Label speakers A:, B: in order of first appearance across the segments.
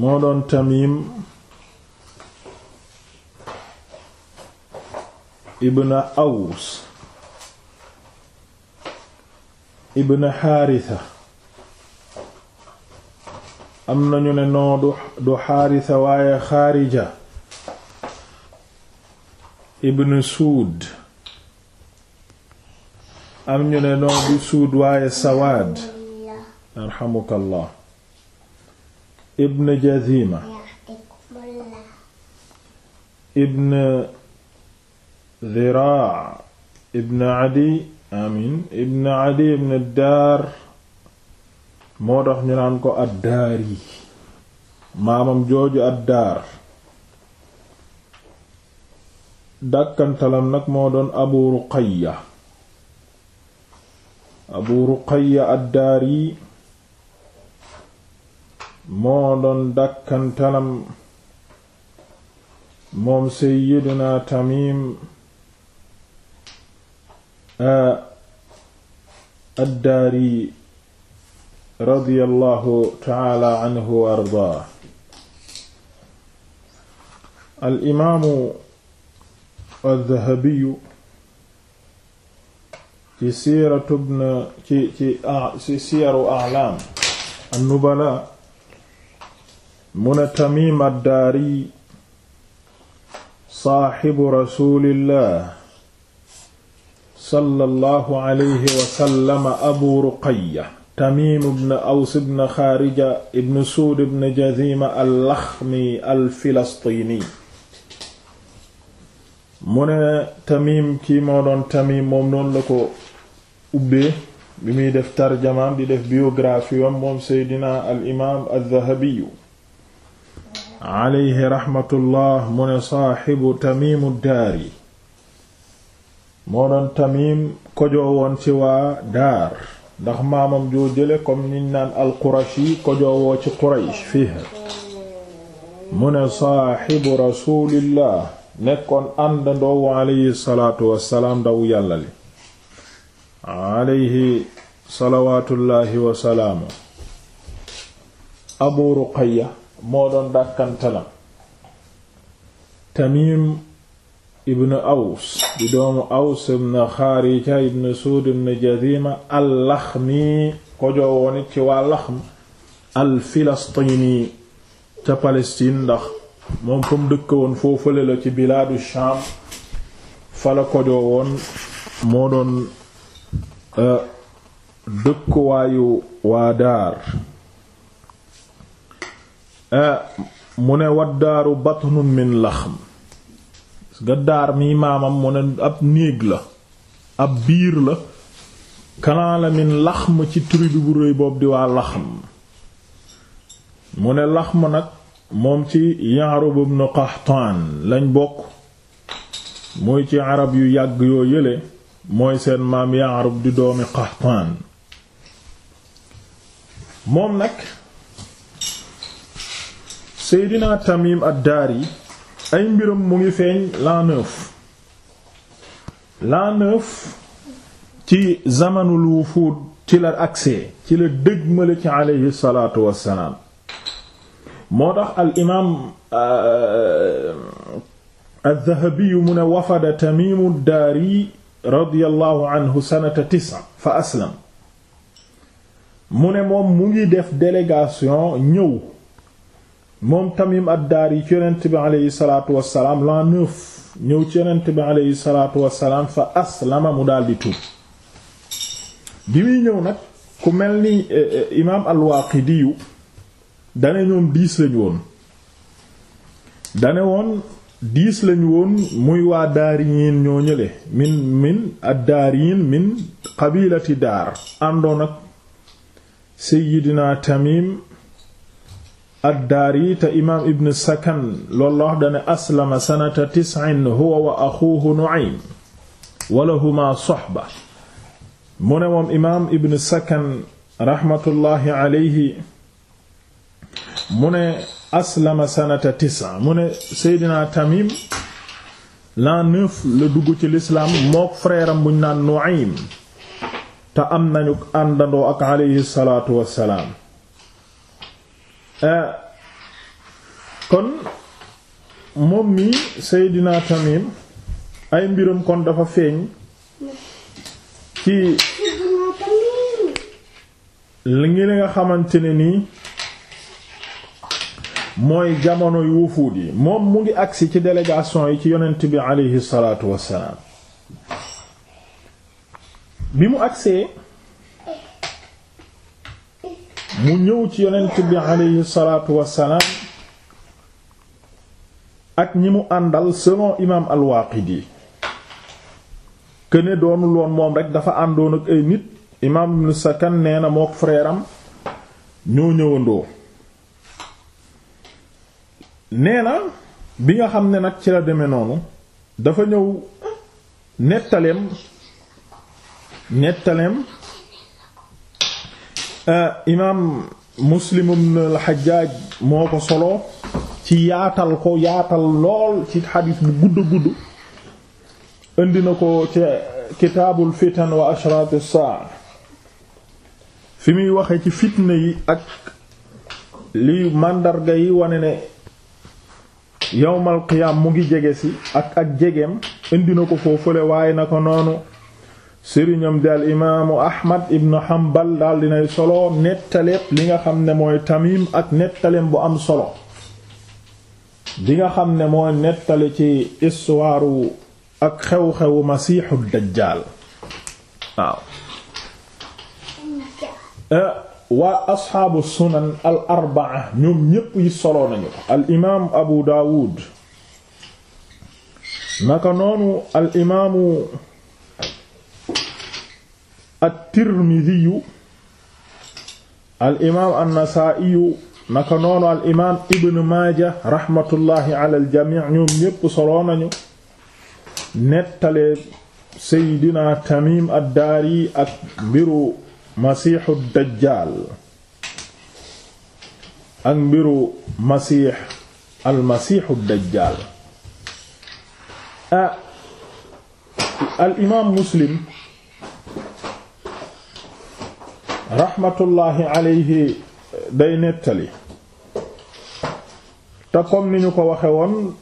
A: moo doon Tamim ibn Aws ibn Xaarisa am nañu ne noo du du Xaarisa waaye Xaarija ibn Suud am ñu ne noo du Suud waaye Sawaad arxamukallah ibn jazima ibn ziraa ibn adi amin ibn adi ibn daar moo tax ñu naan ko addaar yi maamam jooju addaar dàkkantalam nag moo doon abu ruqayya abu ruqayya addaar yi moo doon dàkkantalam moom seyyidina tamim addaari radiyallahu taala anhu wa ardaa al imaamu addahabiyu ci siiratu bna ci ci siyaru aclaam annubala mu ne Tamiim ad-Daari saaxibu rasuulillah sallallahu alayhi wa sallam abu Ruqayya Tamiim ibn Aws ibn Xaarija ibn Suud ibn Jaziima al-Laxmi al-Filastiini mu ne Tamiim kii moo doon Tamiim moom noonu la ko ubbee bi muy def tarjamaam di def biographie am moom Seydina al imaam ad-Dhahabi alayhi raxmatullah mu ne saaxibu tamimu daar yi moo doon tamim kojoo woon ci waa daar ndax maamam joo jële comme niñ naan alqurashi kojoo woo ci quraysh fiha mu ne saaxibu rasulillah nekkoon àndandoo wa alayhi salaatu wassalaam ndaw yàlla li alayhi salawaatullaahi wasalaamu abu moo doon dàkkantalam tamim ibn aws di doomu aws ibn xaarija ibn suud ibn jazima allaxmi ko joowoon it ci waa laxm al filastini ca palestine ndax moom fa mu dëkk woon foofale la ci bilaadu sham fala kojoo woon moo doon euh, dëkkuwaayu waa daar Eh, mu ne waddaaru batnun min laxm gaddaar mi maamam mu ne ab néeg la ab biir la kanaa la min laxm ci tribu bu réy boobu di waa laxm mu ne laxm nag moom ci Ya'rub ibn Qahtaan lañ bokk muy ci arab yu yàgg yoo yële mooy seen maam Ya'rub di doomi Qahtaan moom nag Seydina Tamim ad-Dari ay mbiram mu ngi feeñ l'an neuf l'an neuf ci zamanul wufuud ci la agsee ci la dëgmale ci aleyhi salaatu wassalaam moo tax al imaam euh, az-Zahabi mu ne wafada Tamimu ad-Dari radiyallahu anhu sanata tis'a fa aslam mu ne moom mu ngi def délégation ñëw moom Tamim ad-Dari ci yonent bi aleyhi salaatu wassalaam l'an neuf ñëw ci yonent bi aleyhi salaatu salaam fa aslama mu daldi tuub bi muy ñëw nag ku mel ni eh, eh, imaam al-Waaqidi yu dane ñoom diis lañu woon dane woon diis lañu woon muy waa daariyin ñoo ñële min min ad-daariyin min qabilati daar àndoon ak Seydina Tamim addaari te imaam ibn sakan loolu la wax dane aslama sanata huwa wa axuuhu nu'aym walahuma soxba mu ne moom imaam ibn sakan raxmatullaahi alayhi mu ne aslama sanata tis'a mu ne seydinaa tamim l'an neuf la dugg ci lislaam mook frère buñ naan nu'aym te am nañu àndandoo ak alayhi salaatu wassalaam Euh, kon moom mi Seydina Tamim ay mbiram kon dafa feeñ ci li ngi li nga xamante ne nii mooy jamono yu wufuud yi moom mu ngi agsi ci délégation yi ci yonent bi aleyhi salaatu wassalaam bi mu agsee mu ñëw ci yeneen bi aleyhi salaatu wassalaam ak ñi mu àndal selon imaam al-Waaqidi këne doonul woon moom rek dafa àndoon ak ay nit imaam ibn Sakan nee na mook frère am ñoo ñëwandoo nee na bi nga xam ne nag ci la deme noonu dafa ñëw nettaleem nettaleem Eh, imaam Muslim ibn al-Hajjaj moo ko solo ci yaatal ko yaatal lool ci xadiis bu gudd gudd indi ko ci kitaabul fitan wa ashrat as fi muy waxe ci fitna yi ak li màndarga yi wane ne yawmal qiyaam mu ngi jege si ak ak jegeem indi na ko foofule waaye na ko noonu sëriñam di al imaamu ahmad ibnu hanbal daal dinay solo nettaleeb li nga xam ne mooy tamim ak nettaleem bu am solo di nga xam ne mooy nettali ci istuwaaru ak xew-xewu masiixu dajjaal waaw eh, waa asxaabu sunan arbaa ñoom ñépp yi solo nañu al imaam abu daawud naka noonu al imaamu at-Tirmidhi al imaam an-Nasaa'i naka noonu al imaam Ibn Maaja rahmatullahi ala al jamii ñoom ñépp solo nañu nettalee Seydina Tamim ad-Daari ak mbiru Masiixu Dajjaal ak mbiru Masiix al-Masiixu Dajjaal ah al imaam Muslim. raxmatullaahi alayhi day nettali te comme ni ñu ko waxe woon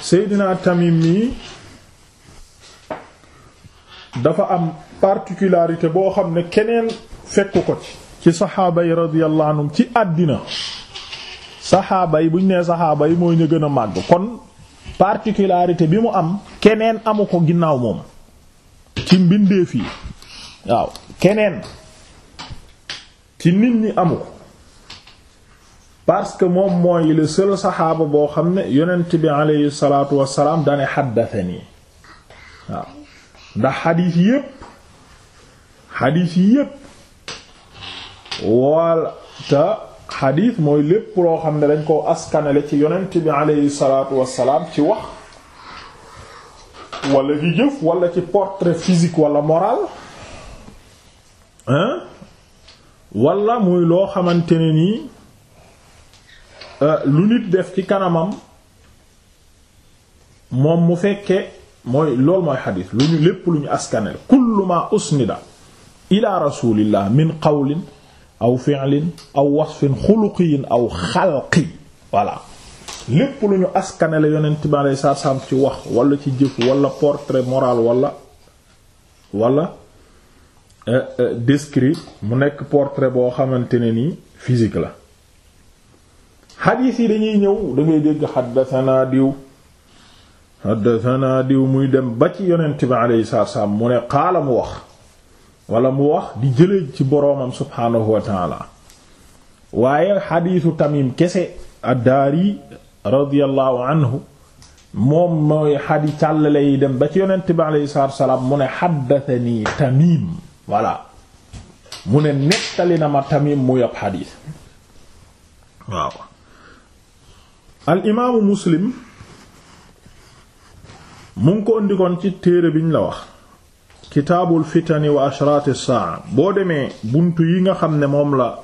A: Seydina tamit mi dafa am particularité boo xam ne keneen fekk ko ci ci saxaaba yi radiyallahu ci àddina saxaaba yi bu ñu nee saxaaba yi mooy ñu gën a màgg kon particularité bi mu am keneen amu ko ginnaaw moom ci mbindeef yi waaw keneen ci nit ñi amu ko parce que moom mooy le seul saxaaba boo xam ne yonent bi aleyhi salaatu wassalaam dane xaddathani waaw ndax xadiis yépp xadiis yépp wal xadiis mooy lépp loo xam ne dañ koo askanale ci yonent bi aleyhi salaatu wassalaam ci wax wala ci jëf wala ci portrait physique wala moral wala muy loo xamante ne nii euh, lu nit def ci kanamam moom mu fekkee mooy loolu mooy xadis lu ñu lépp lu ñu askanel kullu ma usnida ila rasulillah min qawlin aw fi'lin aw wasfin xuluqiyin aw xalqi voilà lépp lu ñu askanele yonent bi alei saat salaam ci wax wala ci jëf wala portrait moral wala wala Euh, euh, décrit mu nekk portrait boo xamante ne ni physique la xadiis yi dañuy ñëw da ngay dégg xaddasanaa diw xaddasanaa diw muy dem ba ci yonent bi alayhi salaatu salaam mu ne xaala mu wax wala mu wax di jëlee ci boroomam subhaanahu wa taala waaye xadiisu tamim kese addaari radiyallahu anhu moom mooy xadi càllale yi dem ba ci yonent bi alayhi salaatu salaam mu ne xaddatani tamim voilà mu ne nettali na ma Tamim muy ab xadiis waaw al Muslim mu ngi ko indikoon ci téere biñ la wax kitaabul fitani wa ashraati saa boo demee bunt yi nga xam ne moom la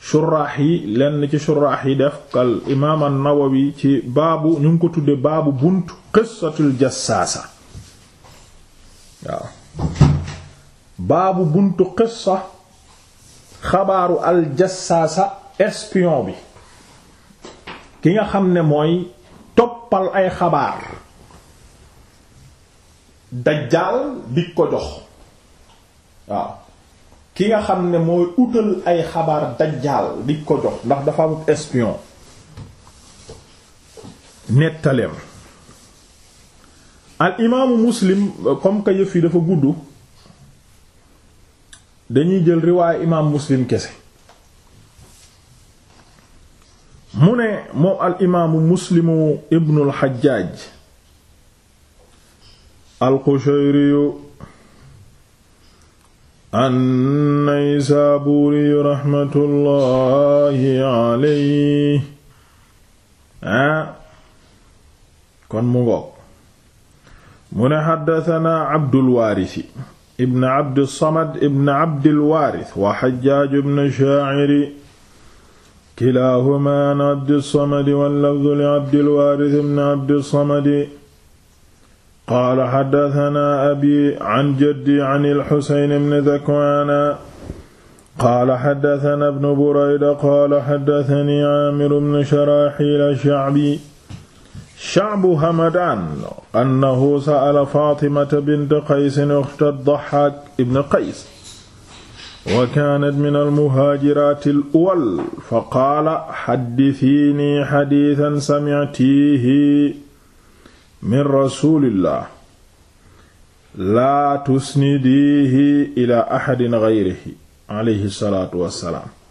A: shuraax yi lenn ci shuraax yi def kal imaam an-Nawawi ci baabu ñu ko tuddee baabu bunt qissatul jassaasa waaw baabu buntu qissa xabaaru aljassaasa espion bi ki nga xam ne mooy toppal ay xabaar dajjaal di ko jox waaw ki nga xam ne mooy utal ay xabaar dajjaal di ko jox ndax dafa am espion nettaleem al imaamu muslim comme que yëf yi dafa gudd dañuy jël riwaaye imaam muslim kese mu ne moom al imaamu muslimu ibnu xajjaaj al qushayriyu an-naysaburiyu raxmatullaahi alayhi ah, kon mu ngoog mu ne xaddatanaa abdul waarisi ibn abd samad ibn abd alwaaris wa xajjaaj ibn shaa'iri kilaahumaa an abd samad wal lafdu li abd alwaaris ibn abd samad qaala xaddasanaa abii an jaddi an alxuseyn ibn zakwaana qaala xaddasanaa ibn burayda qaala xaddasanii aamir ibn sharaaxiil ash-sha'bi sha'bu hamadan annahu sa'ala fatimata bint qaysin uxta ad-Dahhaak ibn qays wa kaanat min al-muhaajiraat al-uwal fa qaala haddithiinii hadiithan sami'tiihi min rasuulillah laa tusnidiihi ilaa ahadin ghayrihi alayhi salaatu wa salaam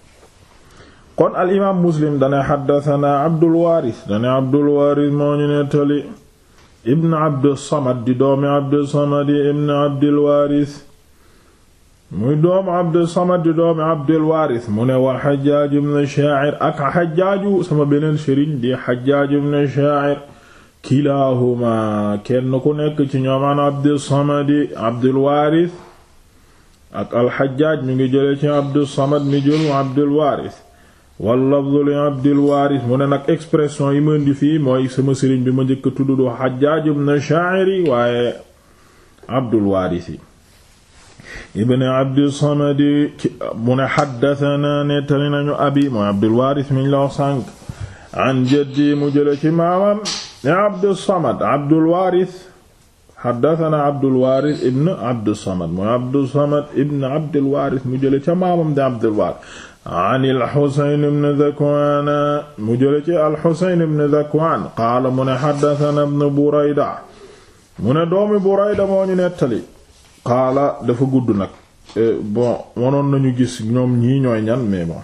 A: kon al imaam muslim dana xaddatanaa abdulwaaris dana abdulwaaris moo ñu nettali ibn abdusamad di doomi abdusamad ibn abdulwaaris muy ne wa xajaaj ibn shaacir ak xajaaju sama beneen sëriñ di xajaaj ibn shaacir kilaahuma kenn ku nekk ci ñoom an abdulwaaris ak alxajaaj mi ngi jële ci abdusamad mi jël abdulwaaris wallafdu li abdilwaaris mu ne nag expression yi mën di fii mooy sama sëriñ bi ma njëkk a tudd du xajaaj ibn shaa'iri waaye abdulwaaris yi ibn abdisamadi mu ne xaddatanaa nettali nañu abi abdulwaaris la wax sànq mu jële ci maamam abdusamad abdulwaaris xaddatana abdulwaaris ibn abdulwaaris mu jële ca maamam di abdulwaaris an al-Husayn ibn Dhakwaan mu jële ci al-Husayn ibn Dhakwaan qaala mu ne haddathana ibn Burayda mu ne doomi Burayda moo nettali qaala dafa gudd nag e, bon wanoon nañu gis ñoom ñii ñooy ñan mais bon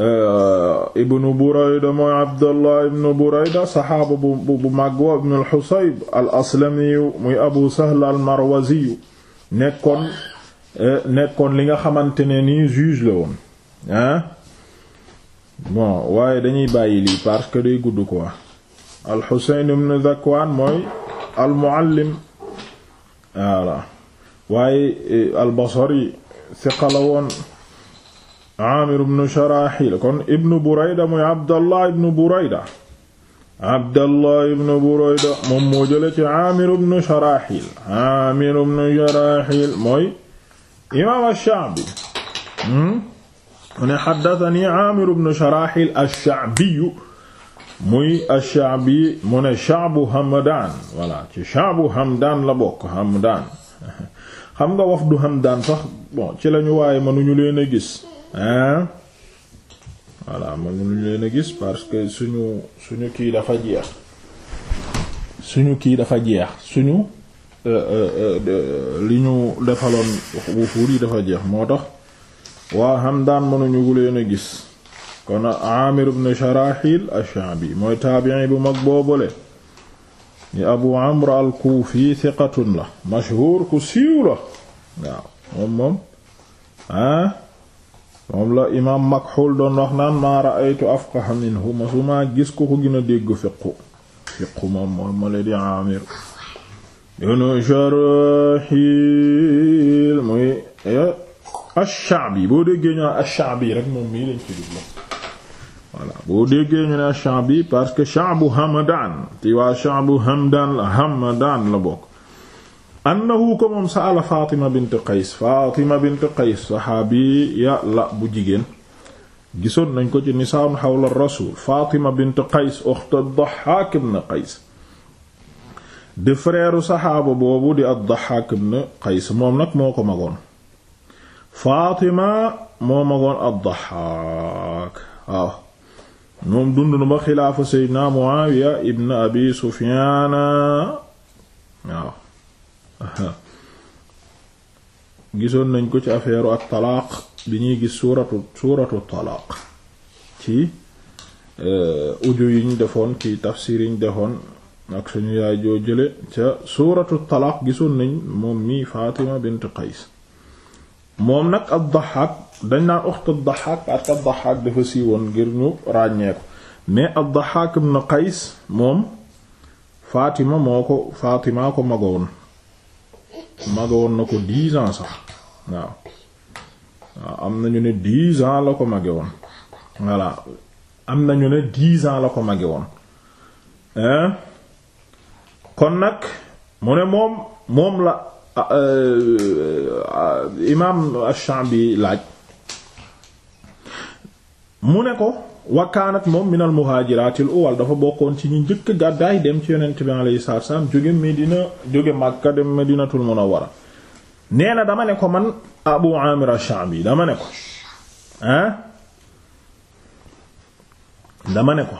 A: e, ibnu Burayda mooy Abdullah ibnu Burayda saxaaba bu bu màgg al-Husayb al-Aslamiyu muy Abu Sahl al-Marwaziyu nekkoon Euh, nekkoon li nga xamante ne ni juge la woon waaye dañuy bàyyi lii parce que day gudd quoi al Husayn ibn Zakwaan mooy al Muallim voilà waaye eh, al Basri siqa la woon Aamir ibn Sharaxil kon ibn mooy moo jële ci Aamir ibn Sharaxil Aamir ibn mooy imaam ash-Sha'bi hmm? mu ne haddathani Aamir ibn Sharahil ash-Sha'bi muy ash-Sha'bi mu ne Sha'bu Hamdan voilà ci Sha'bu Hamdan la bokk Hamdan xam nga wafdu Hamdan sax ci lañu waaye mënuñu leen a gis hein voilà mënuñu leen a gis parce que suñu suñu kii dafa jeex suñu kii dafa jeex suñu Euh, euh, euh, li ñu defaloon wufuur yi dafa jeex moo tax waa Hamdaan mënuñu ko leen a gis kon Aamir ibn Sharaxil ash-Sha'bi mooy taabi'i bu mag boobule ni Abu Amr al-Kufi thiqatun la mashhur ku siiw la waaw moom ah, la imaam Makxuul doon wax maa ra'aytu afqaha minhu masuma gis ko ko gën dégg fiqu fiqu moom moom ma le di ibnu Sharaxiil muy eh, ash-Sha'bi boo déggee ñu ash-Sha'bi rek moom mii lañ ci dugg voilà boo déggee ñu ne ash-Sha'bi parce que sha'bu Hamdaan ti waa sha'bu Hamdaan la Hamdaan la bokk annahu ko moom sa'ala Fatima bint Qays Fatima bint Qays saxaabi ya la bu jigéen gisoon nañ ko ci nisaa'un hawla ar-rasuul Fatima bint Qays uxtu ad-Dahhaak ibn Qays di frère saxaaba boobu di ad-Dahhaak ibn Qays moom nag moo ko magoon Faatima moo magoon ad-Dahhaak waaw moom dund ba xilaafa Seydina Muawiya ibn Abi Sufyaan gisoon nañ ko ci affaire ak talaaq bi ñuy gis suuratu suuratu talaaq ci uju euh, yi ñu defoon ci tafsiir yi ñu defoon ak suñu yaay joo jële ca suuratu talaaq gisoon nañ moom mii Fatima bint Qays moom nag ab dahhaak dañ naan uxtu ad-Dahhaak parce que ad-Dahhaak dafa siiwoon ngir ñu ràññee ko mais ab dahhaak ibn Qays moom Fatima moo ko Fatima ko magoon magoon na ko dix ans sax waaw waaw am nañu ne dix ans la ko mage woon voilà am nañu ne dix ans la ko mage woon kon nag mu ne moom moom la imaam ash-Sha'bi laaj mu ne ko wa kaanat moom min al muhaajiraatil uwal dafa bokkoon ci ñu njëkk gàddaay dem ci yonent bi alayhi salaatu salaam jóge Medina jóge Makka dem Medinatul Munawwara nee na dama ne ko man Abu Amir ash-Sha'bi dama ne ko ah dama ne ko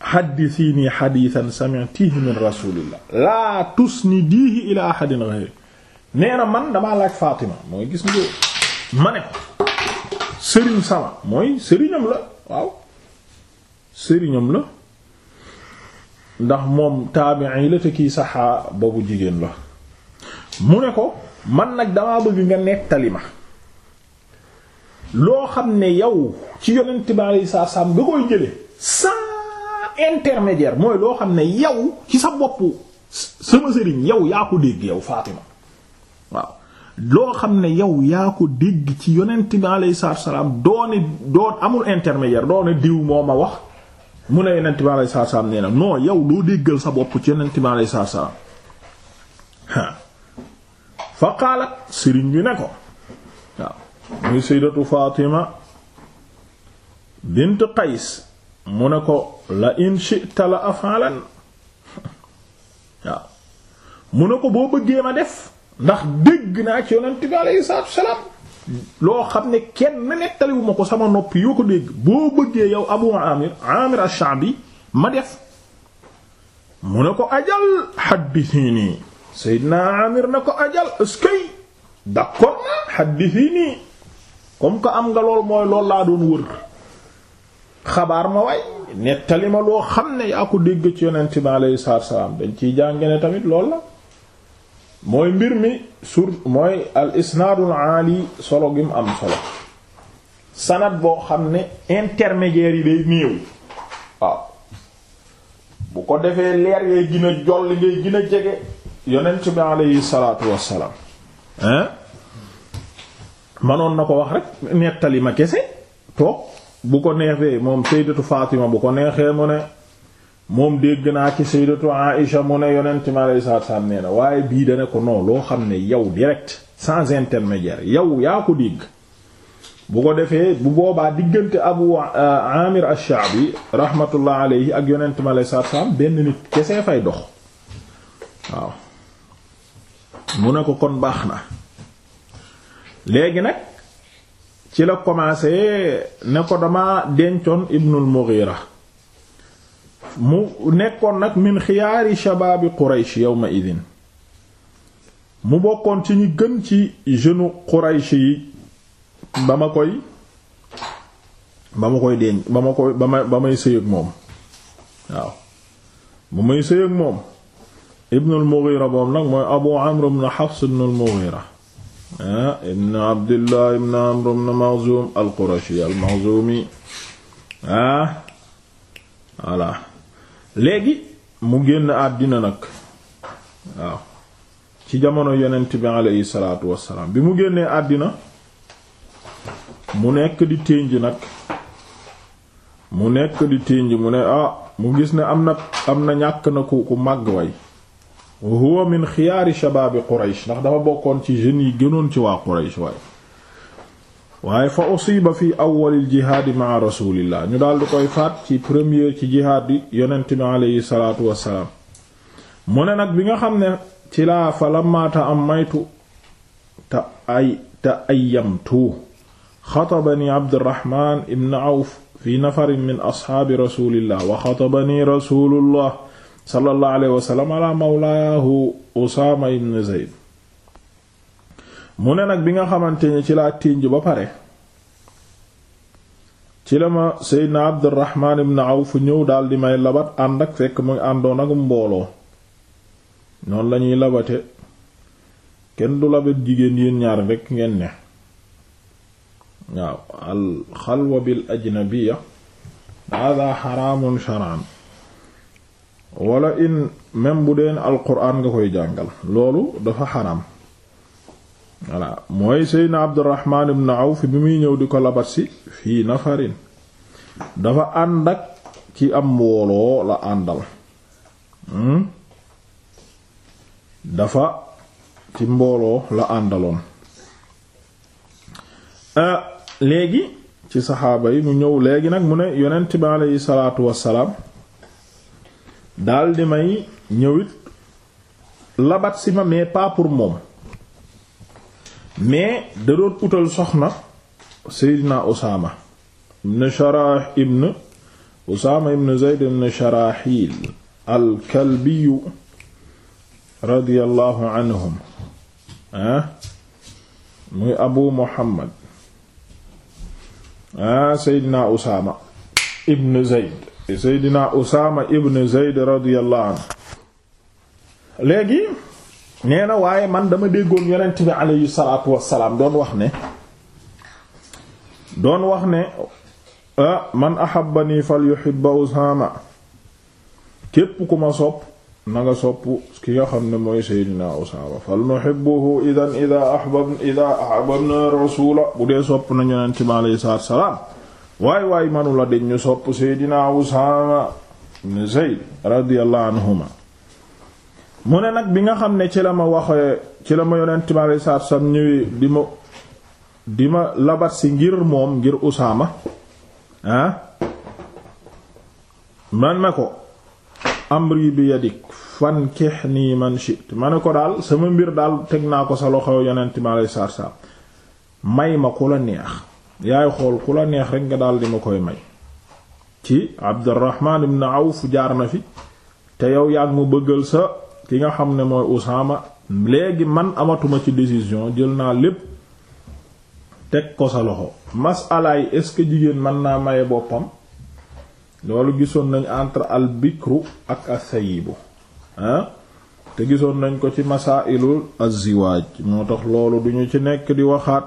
A: xaddisiinii xadiisan sami'tihi min rasulillah laa tusnidiihi ilaa ahadin ghayri nee na man damaa laaj Fatima mooy gis nga ma ne ko sëriñ sama mooy sëriñam la waaw sëriñam la ndax moom taabi'i la te kii saxaa boobu jigéen la mu ne ko man nag damaa bëgg nga nettali ma loo xam ne yow ci yonent bi alayhi salaam nga koy jële intermédiaire mooy loo xam ne yow ci sa bopp sama sëriñ yow yaa ko dégg yow Fatima waaw loo xam ne yow yaa ko dégg ci yonent bi alayhi salaam doone doon amul intermédiaire doone diw moo ma wax mu ne yonent bi alayhi salaam nee na non loo déggal sa bopp ci yonent bi alayhi salaam fa qaalat sëriñ bi ne ko waaw muy sayyidatu Fatima bint Qays mu ne ko la in shi'ta la af'alan mu ne ko boo bëggee ma def ndax dégg naa ci yonent bi alayhi salaatu wasalaam loo xam ne kenn nettaliwu ma ko sama noppi yoo ko dégg boo bëggee yow Abu Amir Amir ash-Sha'bi ma def mu ne ko ajal haddithini Seydina Amir na ko ajal eskay d'accord na haddithini comme que am nga lool mooy lool laa doon wër xabaar ma waay nettali ma loo xam ne yaa ko dégg ci yonent bi alayhi salaam dañ ciy jànge ne tamit lool la mooy mbir mi sur mooy al isnaadul aali solo gi mu am solo sanad boo xam ne intermédiaire yi day néew waaw bu ko defee leer ngay gën a jolli ngay gën a jege yonent bi alayhi salaatu wassalaam hein manoon na ko wax rek nettali ma kese toog bu ko neexee moom sayyidatu Fatima bu ko neexee mu ne moom dégg naa ci sayyidatu Aïcha mu ne yonent mi alayhi salaatu salaam nee na waaye bii dana ko non loo xam ne yow direct sans intermédiaire yow yaa ko dégg bu ko defee bu boobaa diggante Abu Amir ash-Sha'bi rahmatullah alayhi ak yonent mi alayhi salaatu salaam benn nit kese fay dox waaw mu ne ko kon baax na léegi nag ci la commencé ne ko dama dencoon ibnul mughira mu nekkoon nag min xiyaari shabaabi quraysh yawma idin mu bokkoon ci ñi gën ci jeune quraysh yi ba ma koy ba ma koy denc ba ma koy ba ma ba may sëy ak moom waaw bu may sëy ak moom ibnul mughira moom nag mooy abu amr ibn hafs ibnul mughira Ah, ibn abdillah ibn amr ibn al-qurashi al-maxzumi ah voilà léegi mu génn àddina nag waaw ci jamono yonent bi aleyhi salaatu wassalaam bi mu génnee àddina mu nekk di ténj nag mu nekk di ténj mu ne ah mu gis ne am na am na ñàkk na ku ku màgg way wa huwa min xiyaari ndax dafa bokkoon ci jeunes yi gënoon ci waa quraysh waaye waaye fa usiba fi awwalil jihaadi ñu daal koy faat ci premier ci bi aleyhi salaatu wassalaam mu ne nag bi nga xam ne ci fa lamaata am maytu ta ay ta ayyamtu xatabani abdirahman ibn awf fi nafarin min asxaabi rasulillah wa xatabani rasulullah sallallahu alayhi wa sallam ala Usaama ibn Zayd mu ne nag bi nga xamante ni ci laa tinj ba pare ci la ma seydna Abdurrahmaan ibn Awf ñëw daldi may labat ànd ak fekk mu àndoon ak mbooloo noonu lañuy labate kenn du labat jigéen yéen ñaar rekk ngeen ne waaw al xalwa bil ajnabiya hada xaraamun shar'an wala in même bu deen alquran nga koy jàngal loolu dafa xaraam voilà mooy seydna abdurrahman ibn awf bi muy ñëw di ko labat si fii nafarin dafa ànd ak ci am mbooloo la àndal hmm? dafa ci mbooloo la àndaloon ah, léegi ci saxaaba yi mu ñëw léegi nag mu ne yonent bi aleyhi salaatu wassalaam daal di may ñëwit labat si ma mais pas moom mais da utal soxna Seydina Usaama ibn Sharax ibn Usaama ibn Zayd ibn al-Kalbiyu radiyallahu anhum ah, muy Abu Muhammad ah Usaama ibn Zayd seydina Usaama ibn Zayd radiyallahu anhu léegi nee waaye man dama déggoon yonent bi alayhi salaatu wassalaam doon wax ne doon wax ne man ahabbanii fal yuhibba Usaama képp ku ma sopp nanga nga sopp ki nga xam ne mooy seydina Usaama fal nuhibbuhu idan idaa ahbabnaa rasuula bu dee sopp nañu yonent bi alayhi salaatu waay waay manula deñ ñu sopp seydina Usaama ibn Zayd radiyallahu mu ne nag bi nga xam ne ci la ma waxe ci la ma yonent ma lay saar di ma di si ngir moom ngir Usaama ah man na ko amri bi yadik fan keex nii man shit ma ne ko daal sama mbir daal teg naa ko sa loxo yonent ma lay saar saam may ma ku la neex yaay xool ku la neex rek nga daal di ma koy may ci Abdurrahman ibn fu jaar na fi te yow yaa mu bëggal sa ki nga xam ne mooy Usaama léegi man amatuma ci décision jël naa lépp teg ko sa loxo masalaay est jigéen mën naa maye boppam loolu gisoon nañ entre al bikru ak as te gisoon nañ ko ci masailul ilu ziwaaj moo tax loolu duñu ci nekk di waxaat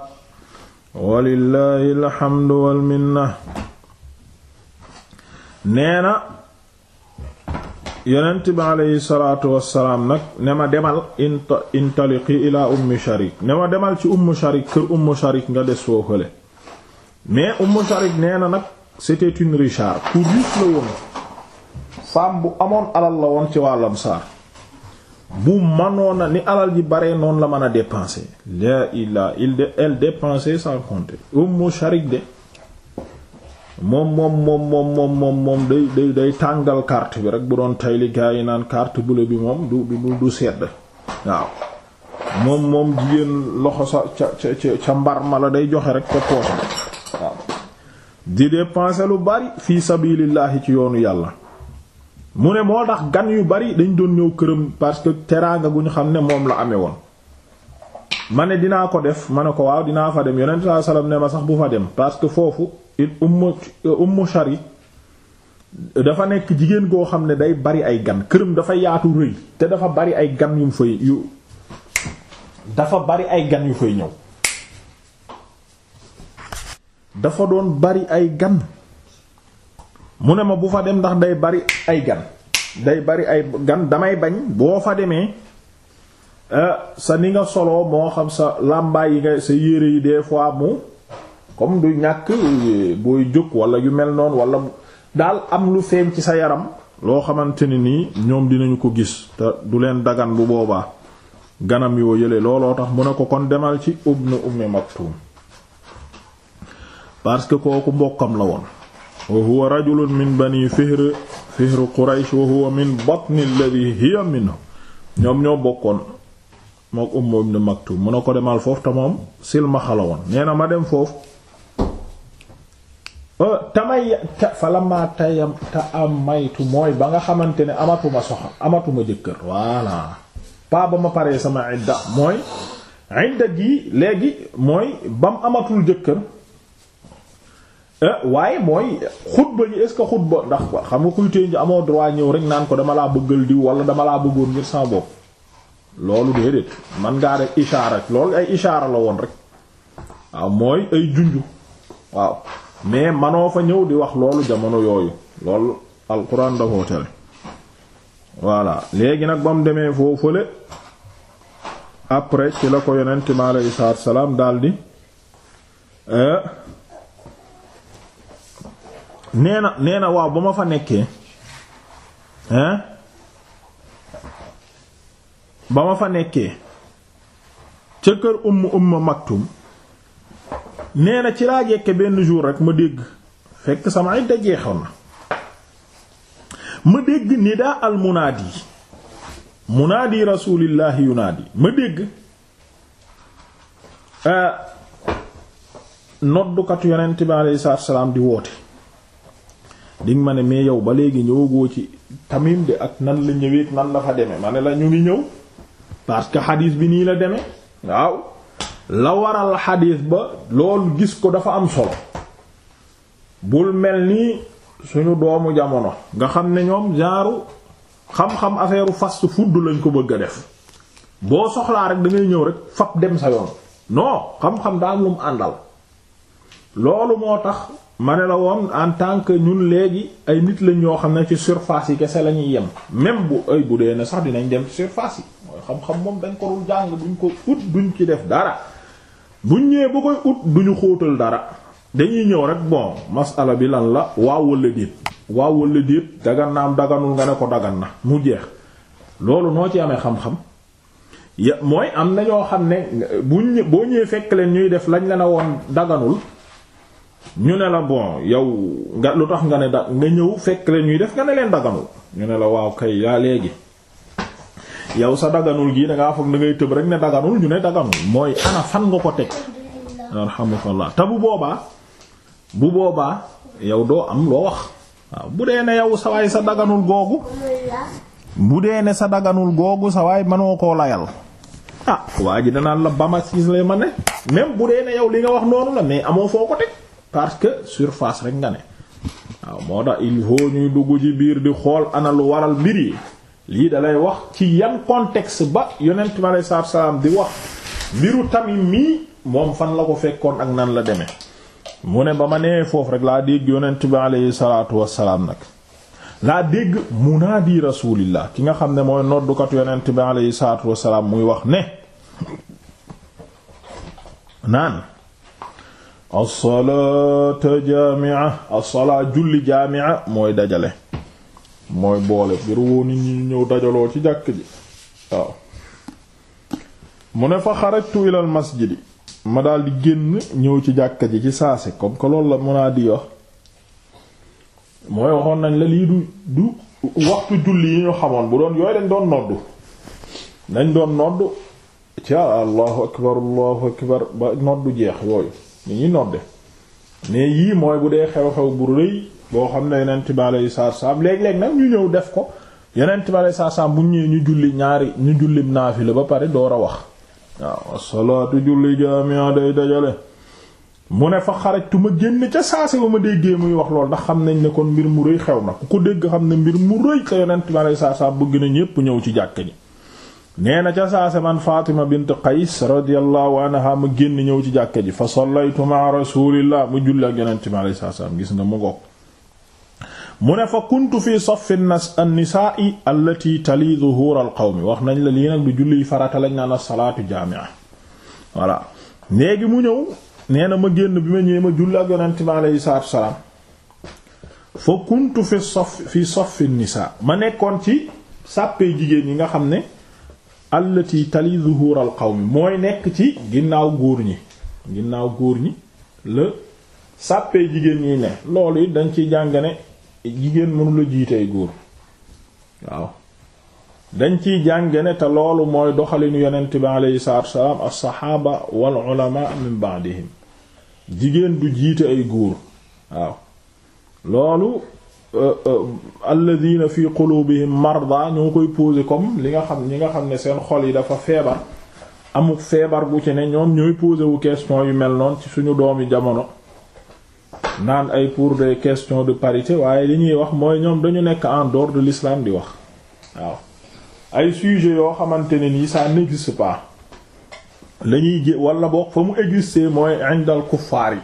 A: walillahi alhamdu wal minna nee na yonent bi aleyhi salaatu wassalaam nag ne ma demal intaliqi ila ummi sharik ne ma demal ci ummu sharik kër ummu sharik nga des foo fële mais ummu sharik nee na nag c'était une richard ku riche la woon femme bu amoon alal la woon ci wàllam saar bu manoon na ni alal ji bare noonu la mën a dépenser la illa il elle dépensait sans compter Ummu Sharik de moom moom moom moom moom day day tàngal kart bi rek bu doon tay li gaa yi naan carte bule bi moom du du du sedd waaw moom moom jigéen loxo sa ca ca ca mbar ma la day joxe rek ca poche bi waaw di dépenser lu bari fi sabilillahi ci yoonu yàlla mu ne moo tax gan yu bari dañ doon ñëw këram parce que teraanga gu ñu xam ne moom la amee woon ma ne dinaa ko def ma ne ko waaw dinaa fa dem yonent sallallahu alayhi wasallam ne ma sax bu fa dem parce que foofu it ummu ummu shari dafa nekk jigéen goo xam ne day bari ay gan këram dafa yaatu rëy te dafa bari ay gan yu fay yu dafa bari ay gan yu fay ñëw dafa doon bari ay gan mu ne ma bu fa dem ndax day bari ay gan day bari ay gan damay bañ boo fa demee ah, sa ni nga soloo moo xam sa làmbaay yi nga sa yére yi des fois mu comme du ñàkk booy jóg wala yu mel noonu wala daal am lu feeñ ci sa yaram loo xamante ne nii ñoom dinañu ko gis te du leen dagan bu boobaa ganam yoo yële looloo tax mu ne ko kon demal ci Ibnu Ummi Maktum parce que kooku mbokkam la woon wa huwa rajulun min bani fihr fihr quraysh wa huwa min batni alladhi hiya minhu ñoom ñoo bokkoon mook Ummu ibn Maktum mu ne ko demal foofu te moom silma xalawoon nee na ma dem foofu tamay falama tayam ta amaytu mooy ba nga xamante ne amatuma soxla amatuma jëkkër voilà pa ba ma paree sama idda mooy idda gi léegi mooy bam amatul jëkkër Eh, waaye mooy xutba ji est-ce que xutba ndax xam nga kuy tënj amoo droit ñëw rek naan ko dama laa bëggal diw wala dama laa bëggoon ngir sama bopp loolu déedéet man ngaa def ishaara loolu ay ishaara la woon rek waaw mooy ay junju waaw mais manoo fa ñëw di wax loolu jamono yooyu loolu alquran da koo tere voilà léegi nag ba mu demee foofu fële après ci la ko yonent mi aleyhi salaatu wa salaam nee na nee na waaw ba ma fa nekkee hein ba ma fa nekkee ca kër umm umm maktum nee na ci laa jekke benn jour rek ma dégg fekk sama idda jeexoon na ma dégg nidaa al munaadi munaadi rasuulillaahi yunaadi ma dégg eh, noddukatu yonent bi alayhi salaam di woote di nga ma ne mais yow ba léegi ñëwagoo ci tamit de ak nan la ñëwee nan la fa demee ma ne la ñu ngi ñëw parce que xadiis bi nii la demee waaw la waral xadiis ba loolu gis ko dafa am solo bul mel nii suñu doomu jamono nga xam ne ñoom genre xam-xam affaire fast fudd lañ ko bëgg a def boo soxlaa rek da ñëw rek fab dem sa yoon noo xam-xam daa am àndal loolu moo tax ma ne la woon en tant que ñun léegi ay nit lañ ñoo xam ne ci surface yi kese la ñuy yem même bu ay bu dee ne sax dinañ dem ci surface yi mooy xam-xam moom dañ ko dul jàng ko ut duñ ci def dara buñ ñëwee bu koy duñu xóotal dara dañuy ñëw rek bon masala bi lan la waaw walla déet waaw walla déet dagan am daganul nga ne ko dagan na mu jeex loolu noo ci amee xam-xam mooy am na ñoo xam ne bu boo ñëwee fekk leen ñuy def lañ la ne woon daganul ñu ne la bon yow nga lu tax nga ne da nga ñëw fekk leen ñuy def nga ne leen daganul ñu ne la waaw kay yaa léegi yow sa daganul gii da ngaa foog ngay tëb rek ne daganul ñu ne daganul mooy ana fan nga ko teg alhamdulilah te bu boobaa bu boobaa yow doo am loo wax waaw bu dee ne yow sa waay sa daganul googu bu dee ne sa daganul googu sa waay mënoo koo layal ah waa ji danaan la bama ci la ma ne même bu dee ne yow li nga wax noonu la mais amoo foo ko teg parce que surfaas rek nga ne waaw moo tax il faut ñuy dugg ci biir di xool ana lu waral mbir yi lii dalay wax ci yan contexte ba yonent bi aleyhi salaam di wax mbiru Tamim mii moom fan la ko fekkoon ak nan la deme mu ne ba ma nee foofu rek laa dégg yonent bi aleyhi salaatu wa salaam nag laa dégg munaadi rasulillah ki nga xam ne mooy noddukat yonent bi aleyhi salaatu wa salaam muy wax ne naan. as-salaata jaami'a as-salaa julli jaami'a mooy dajale mooy boole ngir woo nit ñi ñëw dajaloo ci jàkk ji waaw mu ne fa xarajtu ilal masjidi ma di génn ñëw ci jàkka ji ci saase comme que loolu la mun a di wax mooy waxoon nañ la lii du du waxtu julli yi ñu xamoon bu doon yooyu dañ doon noddu dañ doon noddu ci allahu akbar akbar ba noddu jeex yooyu mu ngi nodde mais yii mooy bu dee xew-xew bu rëy boo xam ne yonent bi yu salaatu salaam léeg-léeg nag ñu ñëw def ko yonent bi alayhi salaatu salaam bu ñëwee ñu julli ñaari ñu julli la ba pare door a wax waaw asalaatu julli jaami'a day dajale mu ne fa xarajtu ma génn ca saase ba ma déggee muy wax lool ndax xam nañ ne kon mbir mu rëy xew na ku ko dégg xam ne mbir mu rëy ca yonent bi alayhi salaatu salaam bëgg na ñépp ñëw ci jàkka ji nee na ca saase man Fatima bint Qays radiyallahu anha ma génn ñëw ci jàkka ji fa sallaytu ma rasulillah mu julli ak yonent mi alayhi salaam gis nga mu ngoog mu ne fa kuntu fi saffi an-nisaa'i allati wax nañ la lii nag du julli farata lañ naan as-salaatu jaami'a voilà léegi mu ñëw nee na ma génn bi ma ñëwee ma julli ak yonent mi alayhi salaam fa kuntu fi saffi fi saffi an-nisaa ma nekkoon ci sàppee jigéen yi nga xam ne allati tali zuhural qawmi mooy nekk ci ginnaaw góor ñi ginnaaw góor ñi la sàppee jigéen ñi ne loolu dañ ciy jàng ne jigéen mënula jiitey góor waaw dañ ciy jàng ne te loolu mooy doxalinu yonent bi aleyhi salaatu wasalaam as-saxaaba wal ulamaa jigéen du jiite ay góor waaw loolu alladina fi qulubihim marda ñoo koy poser comme li nga xam ñi nga xam ne seen xol yi dafa feebar amuk feebar bu ci ne ñoom ñooy poser wu question yu mel noonu ci suñu doomi jamono naan ay pour de question de parité waaye li ñuy wax mooy ñoom dañu nekk en dehors de l'islam di wax waaw ay sujets yoo xamante ne nii ça n'existe pas lañuy jé wala boog fa mu exister mooy indal kuffaar yi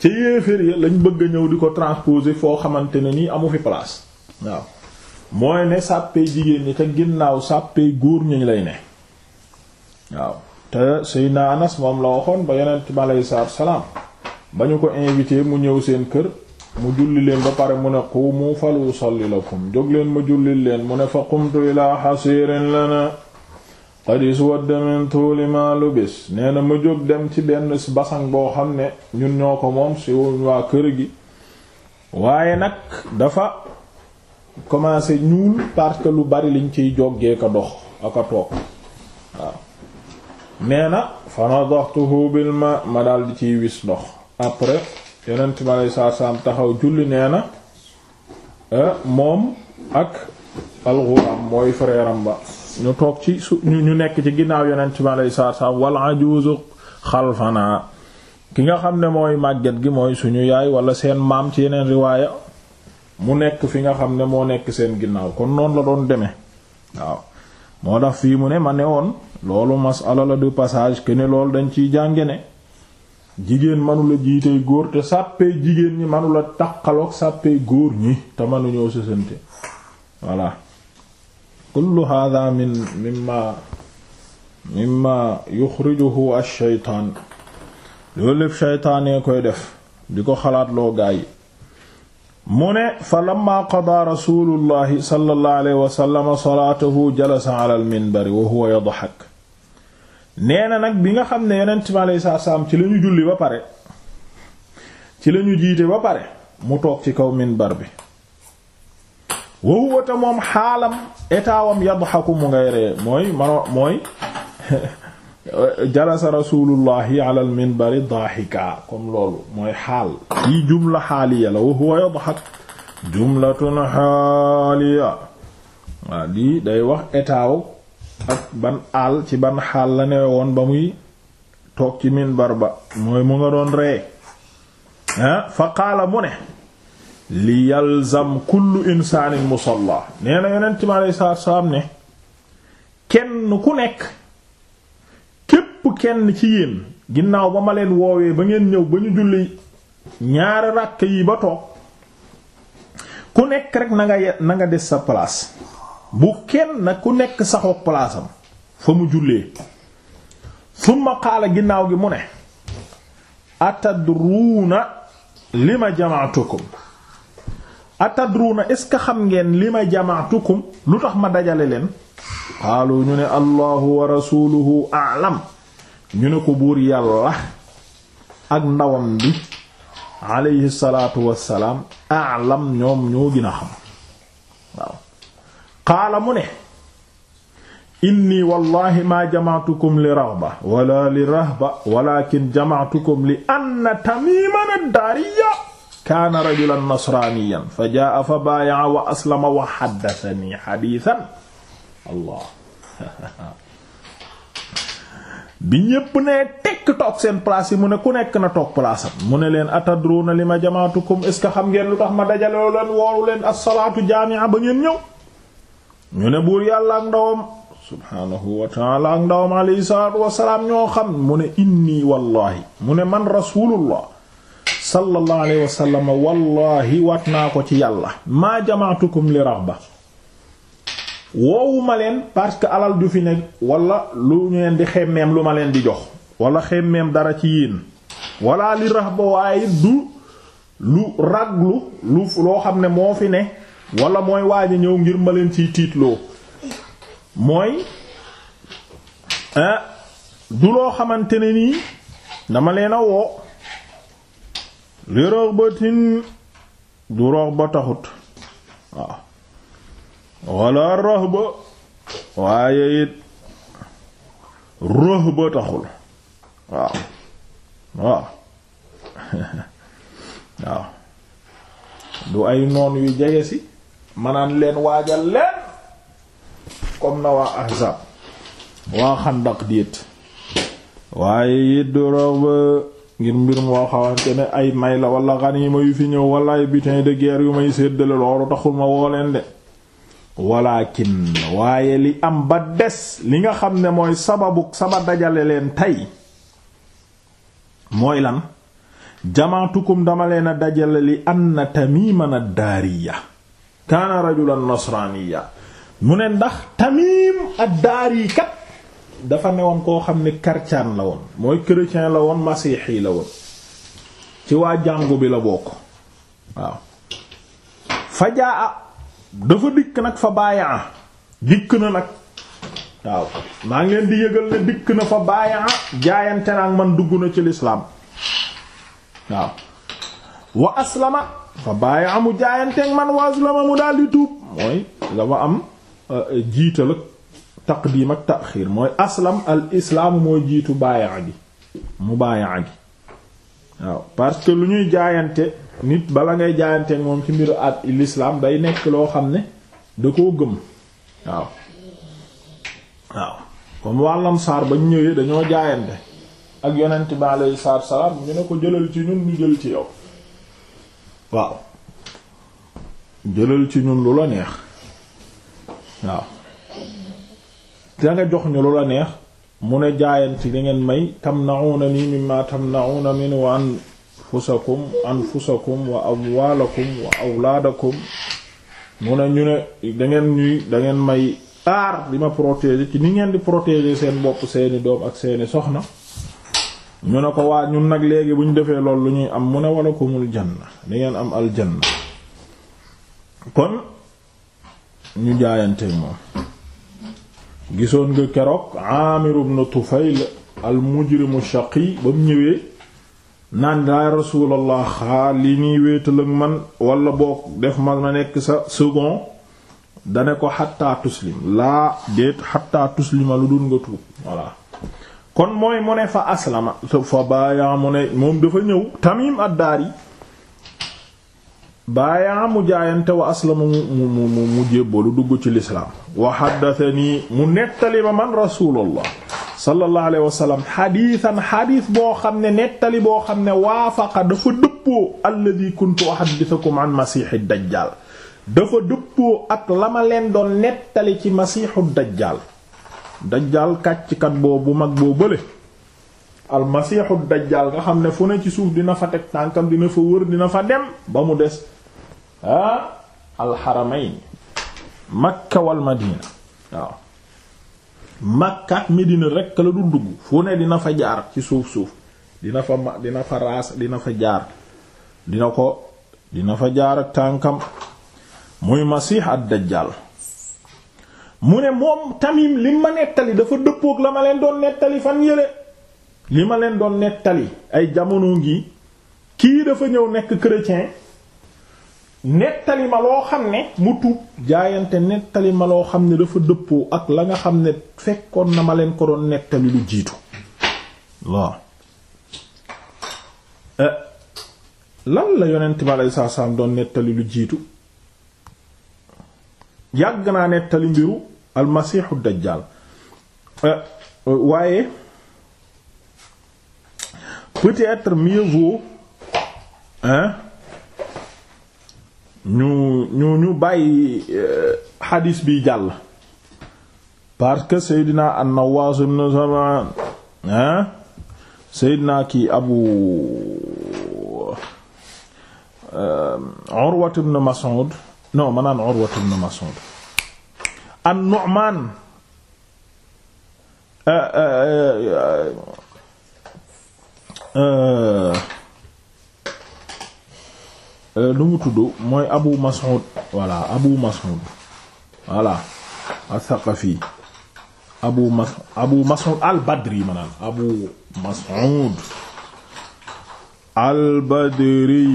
A: ci yéeféer ya lañ bëgg a ñëw di ko transposer foo xamante ne nii amu fi place waaw mooy ne sàppee jigéen ñi te ginnaaw sàppee góor ñu lay ne waaw te Seydina Anas moom la waxoon ba yonent bi aleyhi salaatu salaam ba ñu ko invité mu ñëw seen kër mu julli leen ba pare mu ne qumu falu salli lakum jóg leen ma julli leen mu ne fa qumtu ilaa xasirin lana qad iswadda min tuuli ma lubis nee na ma jóg dem ci benn basang boo xam ne ñun ñoo ko moom si waa kër gi waaye nag dafa commencé ñuul parce que lu bari liñ ciy joggee ko dox aka toog waaw nee na fa nadaxtuhu ma ma dal di ciy wis ndox après yonent mi alei saatu taxaw julli nee na eh, moom ak alxuram mooy frère ba ñu toog ci su ñu nekk ci ginnaaw yonent bi alayhi salaam wal ajuzu xalfanaa ki nga xam ne mooy màgget gi mooy suñu yaay wala seen maam ci yeneen riwaaya mu nekk fi nga xam ne moo nekk seen ginnaaw kon noonu la doon demee waaw moo tax fii mu ne ma ne woon loolu masala la du passage que ne loolu dañ ciy jànge ne jigéen manula jiitey góor te sàppee jigéen ñi manula taqaloog sàppee góor ñi te manuñoo sësante voilà kullu hada min mimma mimma yuxrijuhu ash-shaytaan loolu lépp shaytaanee koy def di ko xalaat loo gaa yi mu ne fa lamma qadaa rasulullahi sallallahu alayhi wa sallam salaatahu jalasa ala al-minbari wa huwa nee na nag bi nga xam ne yonent bi ci lañu julli ba pare ci lañu jiite ba pare mu toog ci kaw minbar bi wa huwa ta moom xaalam étatwam yadxaku mu ngay ree mooy mano mooy jalasa rasulullahi ala alminbari comme loolu mooy xaal yi jumla xaaliya la wa huwa yadxak jumlatun day wax étatw ak ban aal ci ban xaal la newe woon ba muy toog ci minbar ba mooy mu nga doon ree fa qaala mu ne li yalzam kullu insaanin musalla nee na yonent mi alayhi salaatu salaam ne kenn ku nekk képp kenn ci yéen ginnaaw ba ma leen woowee ba ngeen ñëw ba ñu julli ñaari ràkk yi ba toog ku nekk rek na nga des sa palaas bu kenn ku nekk saxoog palaasam fa mu jullee summa qaala ginnaaw gi mu ne atadruuna lima ko atadruuna est ce xam ngeen li ma jamaatukum lu tax ma dajale leen qaalu ñu ne allahu wa rasuluhu aalam ñu ne ko buur yàlla ak ndawam bi alayhi salaatu wassalaam aalam ñoom ñoo gën xam qaala mu ne inni wallahi maa jamaatukum li raghba wala li rahba walakin jamaatukum li anna tamiman ad-dariya kaana rajulan nasraaniyan fa jaa wa aslama wa xaddasani xadiisan allah bi ñépp ne tekk toog seen place yi mu ne ku nekk na toog place am mu ne leen atadruuna li ma jamaatukum est-ce xam ngeen lu tax ma dajaloo leen wooru leen as-salaatu jaami'a ba ngeen ñëw ñu ne buur yàlla ak subhaanahu wa ta'aala ak ndawam alayhi xam mu ne inni wallahi mu ne man rasulullah sallallahu alayhi wa sallam wat naa ko ci yàlla maa jamaatukum li raghba woowu ma leen parce que alal du fi nekk wala lu ñu leen di xemmeem lu ma leen di jox wala xemmeem dara ci yéen wala li raghba waaye du lu raglu lu loo xam ne moo fi ne walla mooy waaj a ñëw ngir ma leen ciy tiitloo mooy ah, du loo xamante nii dama leen a wo li raxbatin du raxba taxut waaw walla raxba waaw waaw waaw du ay noon yu jege si manaan leen waajal leen comme na waa ahzaab waa xandaq diit waaye it du raxba ngir mbir moo xawante ne ay may la wala ganima yu fi ñëw wala ay butin de guerre yu may séddale loolu taxul ma woo leen de walakin waaye li am ba des li nga xam ne mooy sababu sama dajale leen tey mooy lan jamaatukum dama leen a dajale li anna tamiman ad-daariya kaana rajulan nasraaniya mu ne ndax tamim ad-daari kat dafa newoon koo xam ne karcaan la woon mooy chrétien la woon masiixi la woon ci waa jàngu bi la bokk waaw fajaa dafa dikk nag fa baayaa dikk na nag waaw maa ngi leen di yëgal ne dikk na fa baayaa jaayante na ak man dugg na ci lislaam waaw wa aslama fa baayaa mu jaayante man wa aslama mu daal di tuub mooy dafa am euh, jiital ak taqdiim ak taxiir mooy aslam al islaam moo jiitu baayaa gi mu baayaa gi waaw parce que lu ñuy jaayante nit bala ngay jaayante moom ci mbiru at l'islam day nekk loo xam ne da ko gëm waaw waaw comme wàllam saar bañ ñëwee dañoo jaayante ak yonent bi alayhi salaatu salaam ñu ne ko jëlal ci ñun ñu jël ci yow waaw jëlal ci ñun lu la neex waaw da nga jox ñu lu la neex mu ne jaayanti li ngeen may tamna'una ni mimma tamna'una min wa anfusakum anfusakum wa amwaalakum wa awlaadakum mu ne ñu ne dangeen ngeen ñuy da may aar di ma protéger ci ni ngeen di protéger seen bopp seeni doom ak seeni soxna ñu ne ko waa ñun nag léegi bu ñu defee lool lu ñuy am mu ne walakumul jan da dangeen am aljanna kon ñu jaayante moom gisoon nga keroog Aamir ibn Tufayl al shaqi ba ñëwee naan daay rasulallah xaar li ñuy wéetal ak man wala boog def mag ma nekk sa second dane ko xattaa tuslim laa déet xattaa tuslima lu dul nga tuub voilà kon mooy mu ne fa aslama fa baaya ne moom dafa ñëw Tamim ad-Dari baayaa mu jaayante wa aslama mu mu mu mu jébbalu dugg ci lislaam wa haddathani mu nettali ma man rasulullah sallallahu alayhi wa sallam xadiisan boo xam ne nettali boo xam ne waafaqa dafa dëppoo alladi kuntu uhaddithukum an masiixi dajjaal dafa dëppoo ak la ma leen doon nettali ci masiixu dajjaal dajjaal kàcckat boobu mag boo bële al masiixu dajjaal nga xam ne fu ne ci suuf dina fa teg tànkam dina fa wër dina fa dem ba mu des ah alxaramayn makka wal madina waaw makka medina rekk la du dugg fu ne dina fa jaar ci suuf-suuf dina fa ma dina fa raas dina fa jaar dina ko dina fa jaar ak tànkam muy masiix ad dajjal mu ne moom tamim li ma nettali dafa dëppoog la ma leen doon nettali fan yële li ma leen doon nettali ay jamono ngi kii dafa ñëw nekk chrétien nettali ma loo xam ne mu tuub jaayante nettali ma loo xam ne dafa dëppoo ak la nga xam ne fekkoon na ma leen ko doon nettali lu jiitu waaw eh, lan la yonent bi aleyhi salaatu doon nettali lu jiitu yàgg naa nettali mbiru almasiixu dajjaal eh, waaye peut-être hein ñu ñu ñu bàyyi euh, xadiis bi jàll parce que seydina an-Nawwaas ibn Sam'aan hein seydina ki abu euh, Urwa ibn Mas'ud ma naan Urwa ibn Mas'ud an nu euh, mu tudd mooy Abu Mas'ud voilà Abu Mas'ud voilà as-Saqafi Abu Mas al-Badri maanaam Abu Mas'ud al-Badri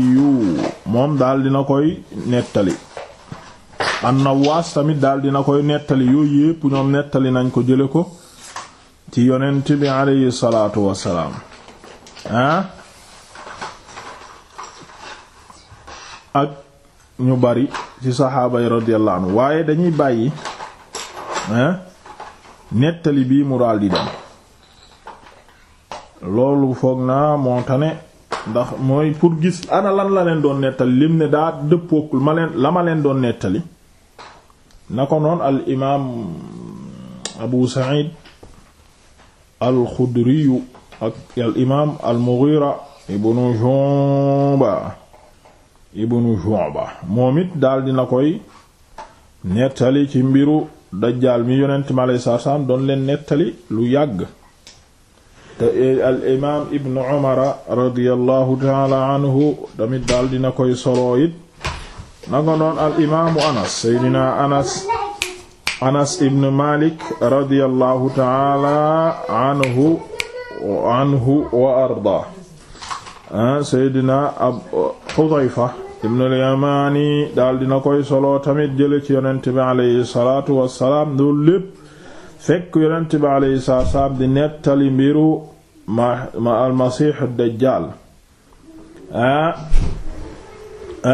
A: moom daal dina koy nettali an-Nawwaas tamit daal dina koy nettali yooyu yépp ñoom nettali nañ ko jële ko ci yonent bi alayhi wassalaam ah ak ñu bari ci saxaaba yi radiyallahu waaye dañuy bàyyi nettali bii mu daal di dem loolu foog naa moo ndax mooy pour gis ana lan doon nettali lim ne daa dëppookul ma leen leen doon nettali na ko noon al imaam abu sa'id al xudriyu ak al imaam al mughira ibnu jumba ibnu Shu'ba moom it daal dina koy nettali ci mbiru dajjaal mi yonent mi alayhi salaatu salaam doon leen nettali lu yàgg te e, al imaam ibnu Umar radiyallahu taala anhu tamit daal dina koy solo it nanga noon al imaamu Anas seydina Anas Anas ibnu Malik radiyallahu taala anhu anhu wa arda ah, seydina Hudayfa ibnul yamaani daal dina koy solo tamit jële ci yonent bi alayhi salaatu wassalaam loolu lépp fekk yonent bi alayhi salaatu wassalaam di nettali mbiru ma ma almasiixu dajjaal ah.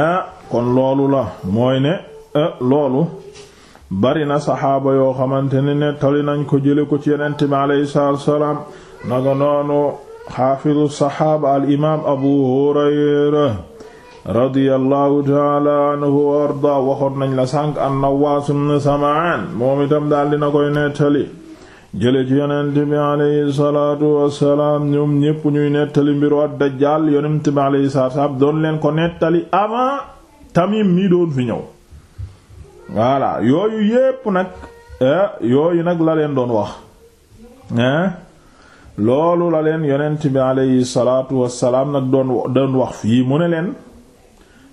A: ah kon loolu la mooy ne ah, loolu bari na saxaaba yoo xamante ne nettali nañ ko jële ko ci yonent bi alayhi salaatu naga noonu xaafidu saxaaba al imaam abu hurayra radiyallahu taala anhu wa la sànq an-Nawwaas ibn Samaan moom itam daal dina koy nettali jële ci yonent bi alayhi wassalaam ñoom ñépp ñuy nettali mbiru ad-Dajjaal yonent bi alayhi wassalaam doon leen ko nettali avant Tamim mi doon fi ñëw voilà yooyu yépp nag eh, yooyu nag la leen doon wax eh, loolu la leen yonent bi alayhi wassalaam nag doon doon wax fii mu ne leen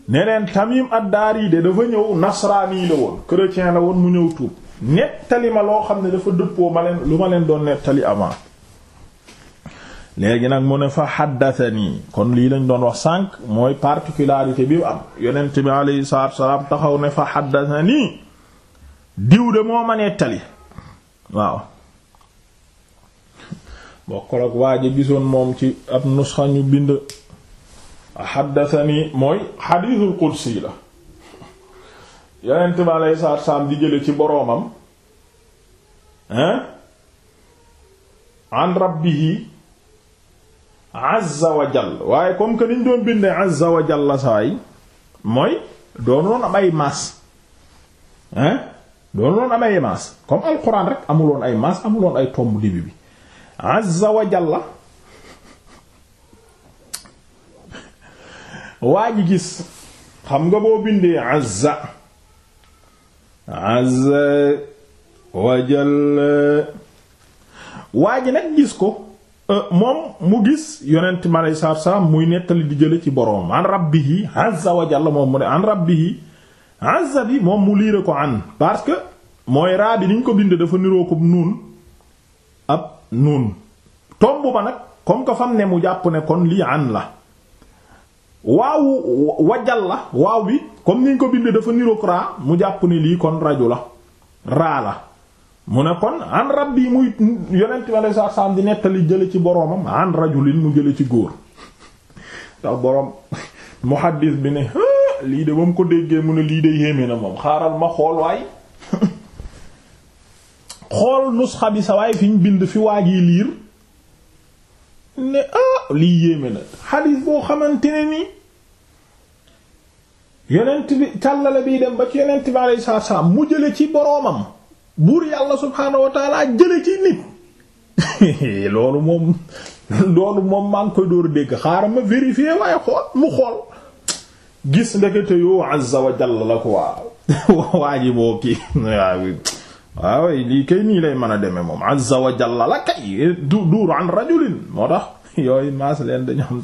A: ne leen Tamim ad de dafa ñëw nasraani la woon chrétien la woon mu ñëw tuub nettali ma loo xam ne dafa dëppoo ma leen lu ma leen doon nettali avant léegi nag mu ne fa haddathani kon lii lañ doon wax sànq mooy particularité bi am yonent bi alayhi salaam taxaw ne fa haddathani diw de moo ma nettali waaw bokkul ak waa gisoon moom ci ab nusxa ñu bind xaddatani mooy xadiisul qudsi la yonent bi aleyhi salaatu salaam di jële ci boroomam hein an rabbihi azza waaye comme que niñ doon bindee azza wa jall saay mooy doonoon am ay maas hein doonoon am ay maas comme alquran rek amuloon ay maas amuloon ay tomb dibi bi azza waa ji gis xam nga boo bindee azza azza wajal waa ji nag gis ko euh, moom mu gis yonent mi aleyhi salaam muy nettali di jële ci boroom an rabbihi azza wa jalla moom mu ne an bi moom mu liire ko an parce que mooy raa bi niñ ko bind dafa niroo ko nuun ab nuun tomb ba nag comme que fam ne mu jàpp ne kon lii an la waaw wajal la waaw bi comme niñ ko bind dafa niroog raa mu jàpp ne lii kon raju la raa la mu ne kon an rabbi muy yonent ma saa saam di nettali jële ci boromam an rajulin mu jële ci góor ndax borom muhaddis bi ne lii de ba mu ko déggee mu ne lii de yéeme na moom xaaral ma xool waay xool nusxa bi sa waay fi ñu bind fi waaj yi liir ne ah lii yéeme na xadiis boo xamante ne nii yonent bi càllale biy dem ba ci yonent bi alayhi salaatu salaam mu jële ci buur yàlla subhaanahu wa taala jële ci loolu moom loolu moom maa ngi koy dóor dégg xaaral ma vérifier waaye xool mu xool gis ndekete yoo azza wa jalla la ko waa waa ji boo kii waaw lii kay nii lay mën a demee moom azza wa jalla la kay duur an rajulin moo tax yooyu maas leen dañu am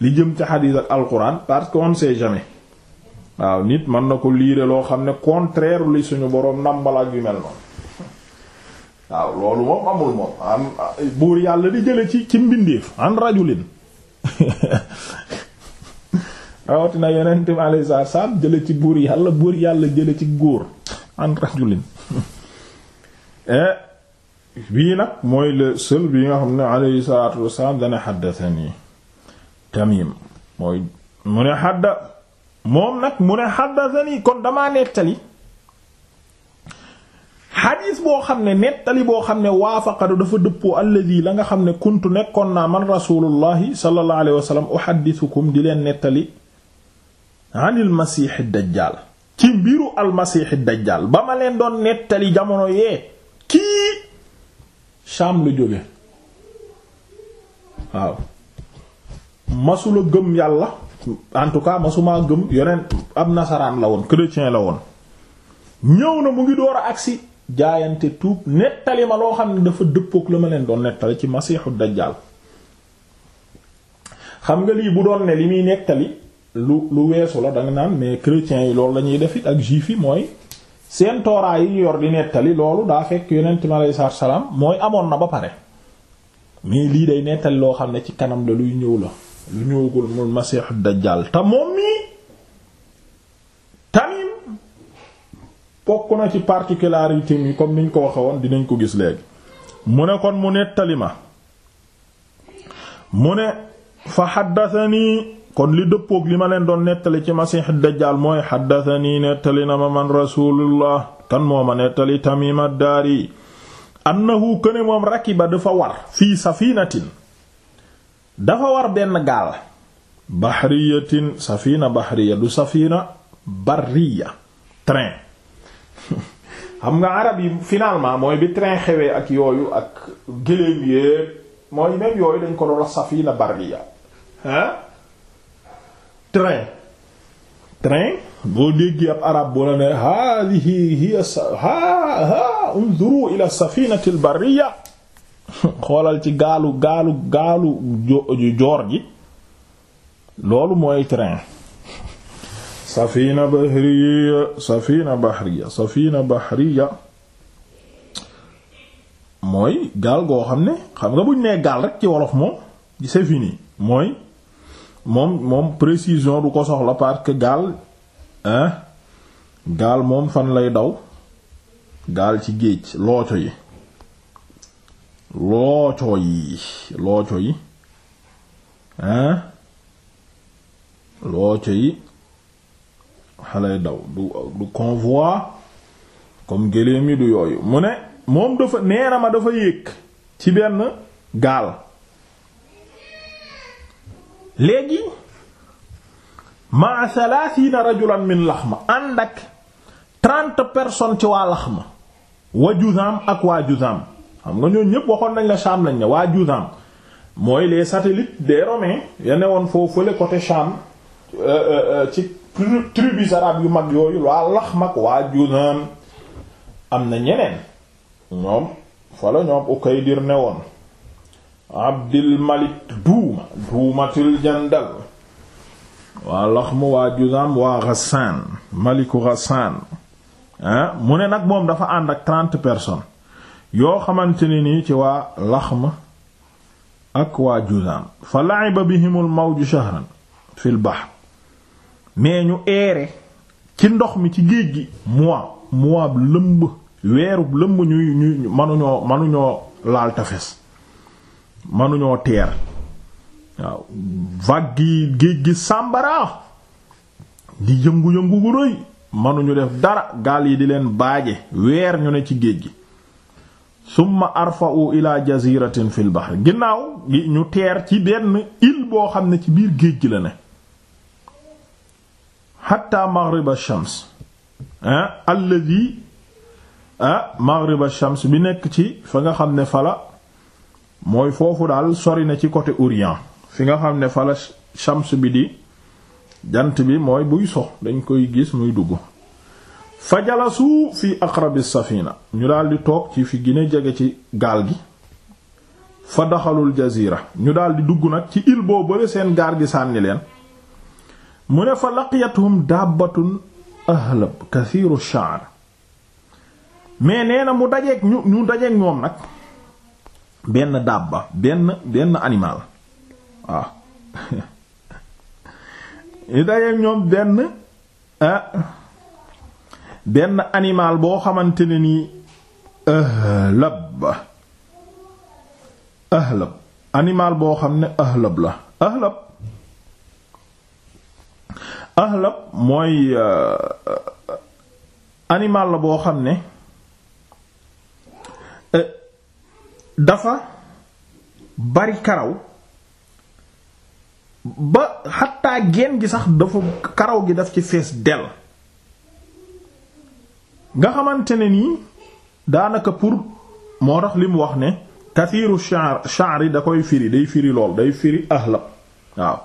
A: li jëm ci xadiis ak alquran parce qu'on sait jamais waaw nit mën na ko liire loo xam ne contraire li suñu boroom nàmbal ak yu mel noonu waaw loolu moom amul moom am buur yàlla di jële ci ci mbindeef an rajulin rawatina yonent bi alayhi jële ci buur yàlla buur yàlla jële ci góor an rajulin eh, bii nag mooy le seul bi nga xam ne alayhi salaatu wasalaam dana xaddathani tamim mooy mu ne xadda moom nag mu ne haddathani kon damaa nettali xadiis boo xam ne nettali boo xam ne waafaqadu dafa dëppoo alladi la nga xam ne kuntu nekkoon naa man rasulullahi sallallahu alayhi wa sallam uhaddithukum di leen nettali anil masiixi dajaal ci mbiru al masiixi dajjaal ba ma leen doon nettali jamono yee kii Sham lu jóge waaw masula gëm yàlla en tout cas masumaa gëm yeneen ab nasaraan la woon chrétien la woon ñëw na mu ngi door a agsi jaayante tuub nettali ma loo xam ne dafa dëppook la ma leen doon nettali ci masiixu dajjaal xam nga lii bu doon ne li muy nettali lu lu weesu la danga naan mais chrétiens yi loolu lañuy ñuy def it ak juif yi mooy seen tooraa yi yor di nettali loolu daa fekk yonent mi aleyhi salaatu salaam mooy amoon na ba pare mais lii day nettali loo xam ne ci kanam la luy ñëw la lu ñëwagul mu masiixu dajjaal te mii tamit bokk na ci particularité yi comme niñ ko waxe woon dinañ ko gis léegi mu ne kon mu nettali ma mu ne fa xaddatani kon li dëppook li ma leen doon nettali ci masiixu dajal mooy xaddatani nettali na ma man rasulullah kan moo ma nettali Tamim ad-Dari annahu këne moom rakiba dafa war fii safinatin dafa war benn gaal bahriyatin safina bahriya du safina barriya train xam nga arab yi finalement mooy bi train xewee ak yooyu ak gëléem yéeg mooy même yooyu dañ ko doon wax safina barriya hein train train boo déggee ab arab boo la ne hadihi hiya ha ha unzuru ila safinati al barriya xoolal ci gaalu gaalu gaalu joor gi loolu mooy train safina bahriya safina bahriya safina bahriya mooy gaal goo xam ne xam nga buñ nee gaal rek ci wolof moom c'est fini mooy moom moom précision du ko soxla parce gaal hein gaal moom fan lay daw gaal ci géej looco yi looco yi looco yi hein looco yi xalay daw du du convoi comme géléem yi du yooyu mu ne moom dafa neena ma dafa yéeg ci benn gaal léegi ma thalathina rajulan min laxma ànd ak trente personnes ci waa ma wa juzaam ak waa juzaam xam nga ñooñu ñëpp waxoon nañ la Cham lañ ne waa Juzam mooy les satellites des Romains ya woon foofu fële côté Cham euh, euh, euh, ci tribus arabes yu mag yooyu waa Laxmak waa Juzam am na ñeneen ñoom fala ñoom Ukaydir newoon Abdul Malik Duuma Duumatul Jandal waa Laxm waa Juzam waa Ghassan Maliku Ghassan mu ne nag moom dafa ànd ak trente personnes yoo xamante ne nii ci waa lax ma ak waa juzaam fa la'iba bihimul mawju shahran fil bahr mais ñu eere ci ndox mi ci géej gi mois mois bu lëmb weerub lëmb ñuy manuñoo manuñoo laal tafes manuñoo teer waaw vague yi géej gi sàmbara di yëngu-yëngu gu rëy manuñu def dara gaal yi di leen baaje weer ñu ne ci géej gi summa arfa'u ila jaziratin fil bahr ginnaaw gi ñu teer ci benn île boo xam ne ci biir géej gi la ne hatta maghrib ash-shams ah alladhi ah maghrib shams bi nekk ci fa nga xam ne fala mooy foofu daal sori na ci côté orient fi nga xam ne fala shams bi di jant bi mooy buy sox dañ koy gis muy dugg fa jalasu fi aqrabi safina ñu daldi toog ci fi gën jege ci gaal gi fa daxalul jazira ñu daldi dugg nag ci île boo bëre seen gaar gi sànni leen mu ne fa laqiyathum dabbatun ahlab kathiru sha'r mais nee na mu dajeeg ñoom nag benn dabba benn benn animal waaw ñu dajeeg ñoom benn ah, benn animal boo xamante ne nii ahlab ahlab animal boo xam ne ahlab la ahlab ahlab mooy euh, animal la boo xam ne euh, dafa bari karaw ba xataa geen gi sax dafa karaw gi daf ci fees del nga xamante ne nii daanaka pour moo tax li wax ne kathiru sha'r sha'r yi da koy firi day firi lool day firi ahlab waaw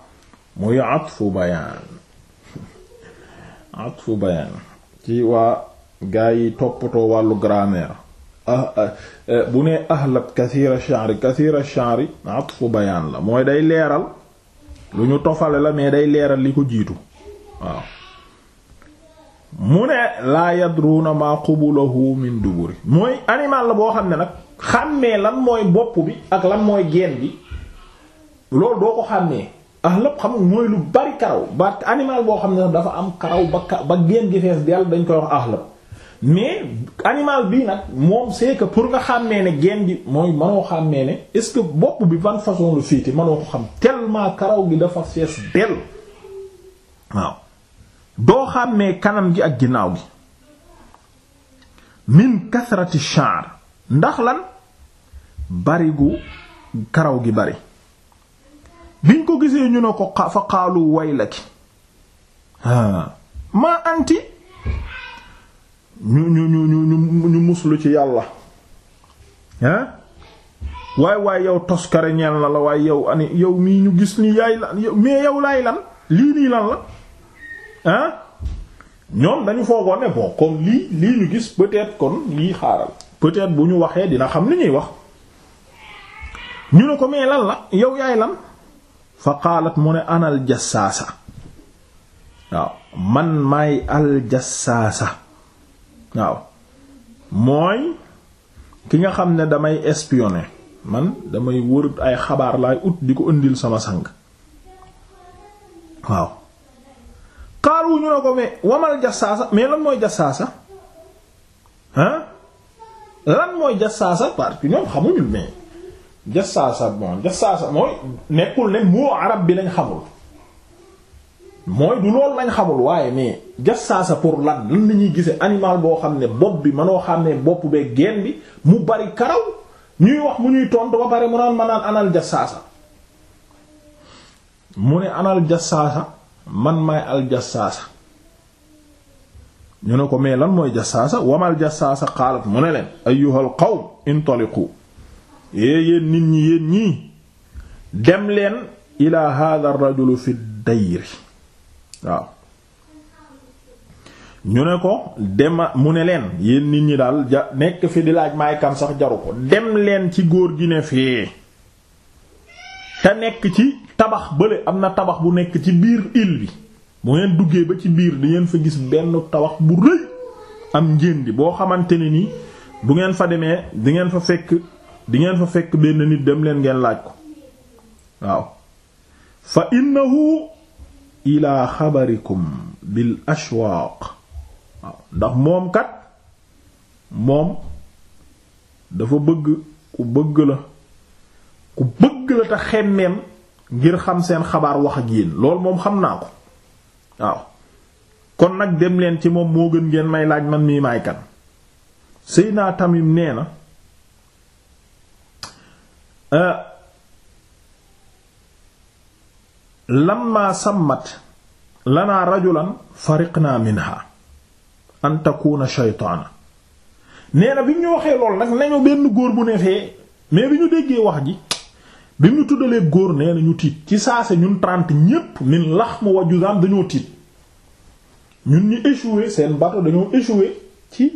A: muy atfu bayaan atfu bayaan ci waa gaa yi toppatoo wàllu grammaire ah, ah, eh, bu ne ahlab kathira sha'ri kathira sha'ri atfu bayaan la mooy day leeral lu ñu tofale la mais day leeral li ko jiitu waaw mu ne laa yadruuna maa qubulahu min duburi mooy animal la boo xam ne nag xàmmee lan mooy bopp bi ak lan mooy geen bi loolu doo ko xàmmee ah lépp xam mooy lu bari karaw ba animal boo xam ne dafa am karaw ba ka gi fees dell dañ koy wax ah lépp mais animal bi nag moom c'est que pour nga xàmmee ne gen gi mooy mënoo xàmmee ne est-ce que bopp bi ban façon lu féete mënoo ko xam tellement karaw gi dafa fees dell waaw doo xàmmee kanam gi ak ginnaaw gi min kasrati sha'r ndax lan bari gu karaw gi bari biñ ko gisee ñu ne ko fa xaalu waylaki maa anti ñu ñu ñu ñu ñu muslu ci yàlla ah waay waay yow toskare ñeel la la waaye yow mii ñu gis ni yaay lan mais yow laay lan lii nii lan la ah ñoom dañu foogoon ne bon comme lii lii ñu gis peut-être kon lii xaaral peut bu ñu waxee dina xam li ñuy wax ñu ne ko mais lan la yow yaay lan fa qaalat mu ne anal jassaasa waaw mooy ki nga xam ne damay espionner man damay wër ay xabaar laay ut di ko indil sama sang waaw xaaru ñu ne ko mais wamal jasaasa mais lan mooy jasaasa ah lan mooy jasaasa parce que ñoom xamuñu mais jasaasa bon mooy nekkul ne moo arab bi lañ xamul mooy du loolu lañ xamul waaye mais jasaasa pour lan lan la ñuy gisee animal boo xam ne bopp bi mënoo xam ne bopp bee geen bi mu bari karaw ñuy wax mu ñuy tontu ba pare mu naan ma naan anal jasaasa mu ne anal jasaasa. man maay aljassaasa ñu ne ko mais lan mooy jasaasa wamal jassaasa xaalat mu ne leen ayyuhal qawm intaliqu yée yéen nit ñi yéen ñii dem leen ila hadha ar-rajul fi dayri waaw ñu ne ko dema mu ne leen yéen nit ñi daal ja nekk fi di laaj maay kan sax jaru ko dem leen ci góor gi ne fee te nekk ci tabax bële am na tabax bu nekk ci biir île bi bu ngeen duggee ba ci biir di ngeen fa gis benn tabax bu rëy am njëndi boo xamante ne ni du ngeen fa demee di fa fekk di fa fekk benn nit dem leen ngeen laaj ko waaw fa innahu ila xabarikum bil ashwaaq waaw ndax moom kat moom dafa bëgg ku bëgg la ku bëgg la te xemmeem ngir xam seen xabaar wax ak lool moom xam naa ko waaw kon nag dem leen ci moom moo gën ngeen may laaj man mii maay kan naa tamit nee na euh, lamma sammat lanaa rajulan fariqna minha an takuna shaytaana nee na bi ñu waxee lool nag nañu benn góor bu ne fee mais bi ñu déggee wax ji bi mu tuddalee góor nee nañu ñu tiit ci saase ñun trente ñépp min lax mu waju daam dañoo tiit ñun ñu échoué seen bateau dañoo échoué ci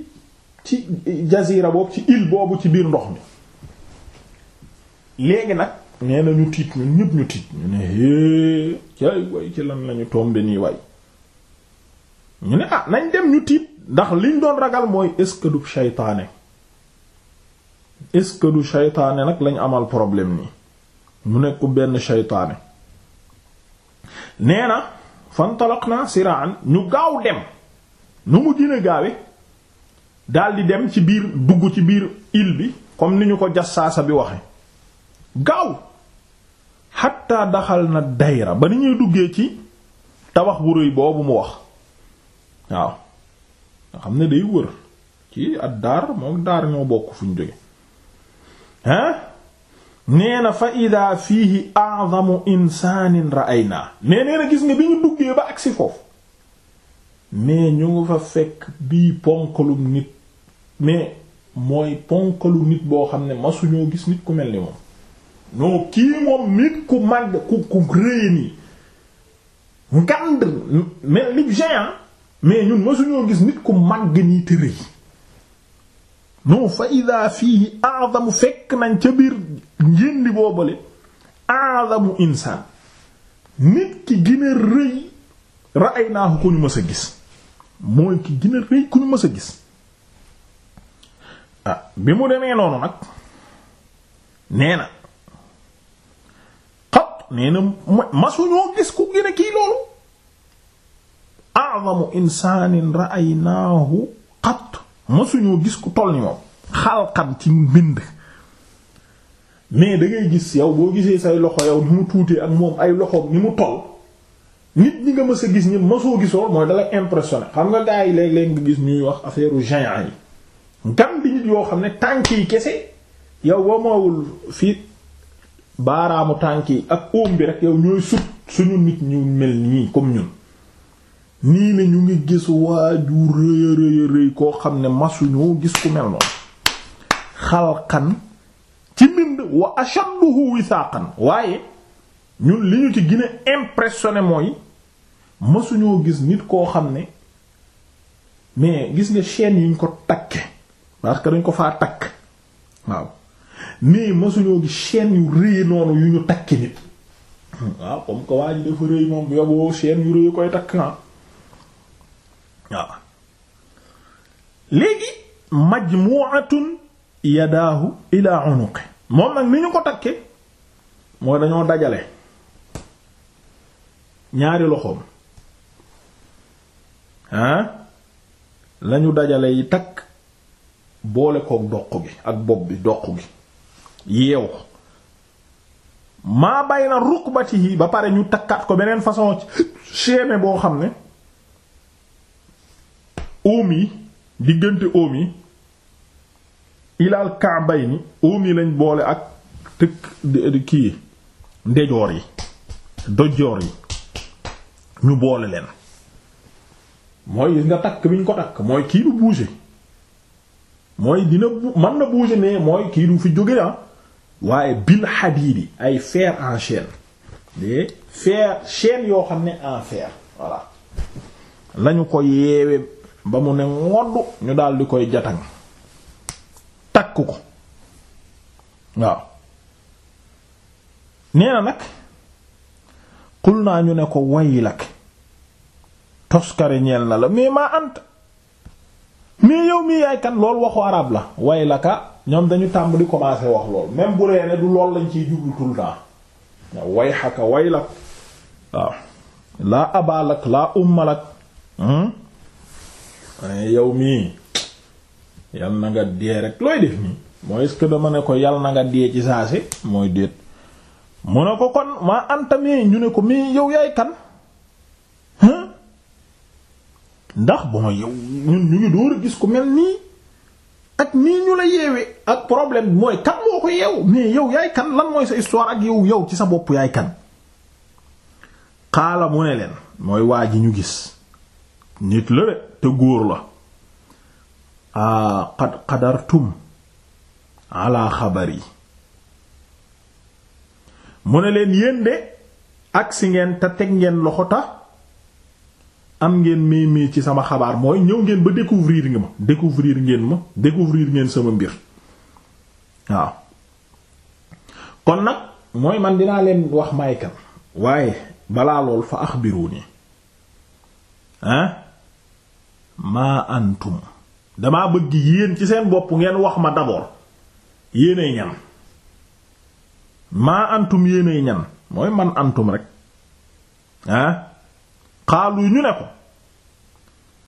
A: ci jazira boobu ci île boobu ci biir ndox mi léegi nag nee na ñu tiit ñun ñépp ñu tiit ñu ne hée cay way ci lan lañu tombé nii way ñu ne ah nañ dem ñu tiit ndax liñ doon ragal mooy est-ce que du seytaane est-ce que du seytaane nag lañu amal problème nii mu nekku benn shaytaane nee na fantalaqna siraan ñu gaaw dem nu mu gën gaawe daldi dem ci biir dugg ci biir île bi comme ni ñu ko saasa bi waxe gaaw xatta daxal na dayra ba ni ñuy duggee ci tabax bu rëy boobu mu wax waaw nga xam ne day wër ci ad daar moom daar ñoo bokk fu ñu jóge hein nee na fa ida fiihi a'zamu insanin ra'ayna mais nee na gis nga bi ñu duggee ba agsi foofu mais ñu ngi fa fekk bii ponkalum nit mais mooy ponkalu nit boo xam ne masuñoo gis nit ku mel ni moom non kii moom nit ku màgg ku ku rëy nii ngand mel ni géant mais ñun masuñoo gis nit ku màgg nii te rëy non fa ida fiihi a'zamu fekk nañ ca biir njëndi boobale a'zamu insaan nit ki gën a rëy ra'aynaahu ku ñu mës a gis ah, bi mu demee noonu nag nee na xat nee na masuñoo gis ku gën kii loolu a'zamu insaanin ra'aynaahu masuñoo gis ku toll ni moom ci mbind mais dangay gis yow boo gisee say loxo yow ni mu tuutee ak moom ay loxoom ni mu toll nit ñi nga mës sa gis ñi masoo gisoo mooy dalay impressionné xam nga gars yi léeg-léeg nga gis ñuy wax affaire géant yi gan bi nit yoo xam ne tànk yi kese yow boo fii baaraamu tànk ak óom bi rek yow ñooy sut suñu nit ñu mel nii comme ñun nii ne ñu ngi gis waaju rëya rëya rëy koo xam ne masuñoo gis ku mel noonu xalqan ci mbind wa ashadduhu wisaaqan waaye ñu li ñu ci gën a impressionné mooy masuñoo gis nit koo xam ne mais gis nga chaîne yi ñu ko takke parce que dañ ko faa takk waaw mais masuñoo gis chaine yu rëy noonu yu ñu takke nit waaw comme que waa dafa rëy moom yoboo chaîne yu rëy koy takk ah waaw léegi majmu'atun yadaahu ila unuqi moom nag ni ñu ko takke mooy dañoo dajale ñaari loxoom ah lañu dajale yi takk boole koog doq gi ak bopp bi doq gi yeew maa bay na rukbatihi ba pare ñu takkaat ko beneen façon chaîne boo xam ne óom yi diggante óom yi ilaal kaabay ni óom yi lañ boole ak tëkk kii ndejoor yi dojoor yi ñu boole leen mooy gis nga takk bi ñu ko takk mooy kii du bouger mooy dina mën na bouger mais mooy kii du fi jóge ah waaye bil xadiidi ay fer en chaîne de fer chaîne yoo xam ne en fer voilà lañu ko yeewe ba mu ne ngodd ñu daal di koy jataŋ takk ko waaw nee na nag xul naa ñu ne ko waylak toskare ñeel na la mais maa ant mais yow mii yaay kan lool waxu arab la waylaka ñoom dañu tàmm di commencé wax lool même bu ree du lool lañ ciy jublu tout way temps wa waylak waaw laa abalak laa ummalak hmm? mane yow mii yal na nga dee rek looy def nii mooy est dama ne ko yal na nga dee ci saa si mooy déet mu ne ko kon maa antamee ñu ne ko mii yow yaay kan ndax bon yow ñun ñu ngi door a gis ko mel nii ak nii ñu la yeewee ak problème bi mooy kan moo ko yeew mais yow yaay kan lan mooy sa histoire ak yow yow ci sa bopp yaay kan xaala mu ne leen mooy waa ji ñu gis nit la te góor la a qad qadartum ala xabar yi mu ne leen yéen de agsi ngeen te teg ngeen loxo tax am ngeen méemée ci sama xabaar mooy ñëw ngeen ba découvrir nga ma découvrir ngeen ma découvrir ngeen sama mbir waaw kon nag mooy man dinaa leen wax may kan waaye balaa lool fa axbiru nii hein maa antum dama bëgg yéen ci seen bopp ngeen wax ma d'abord yéenay ñan maa antum yéenay ñan mooy man antum rek ah xaalu ñu ne ko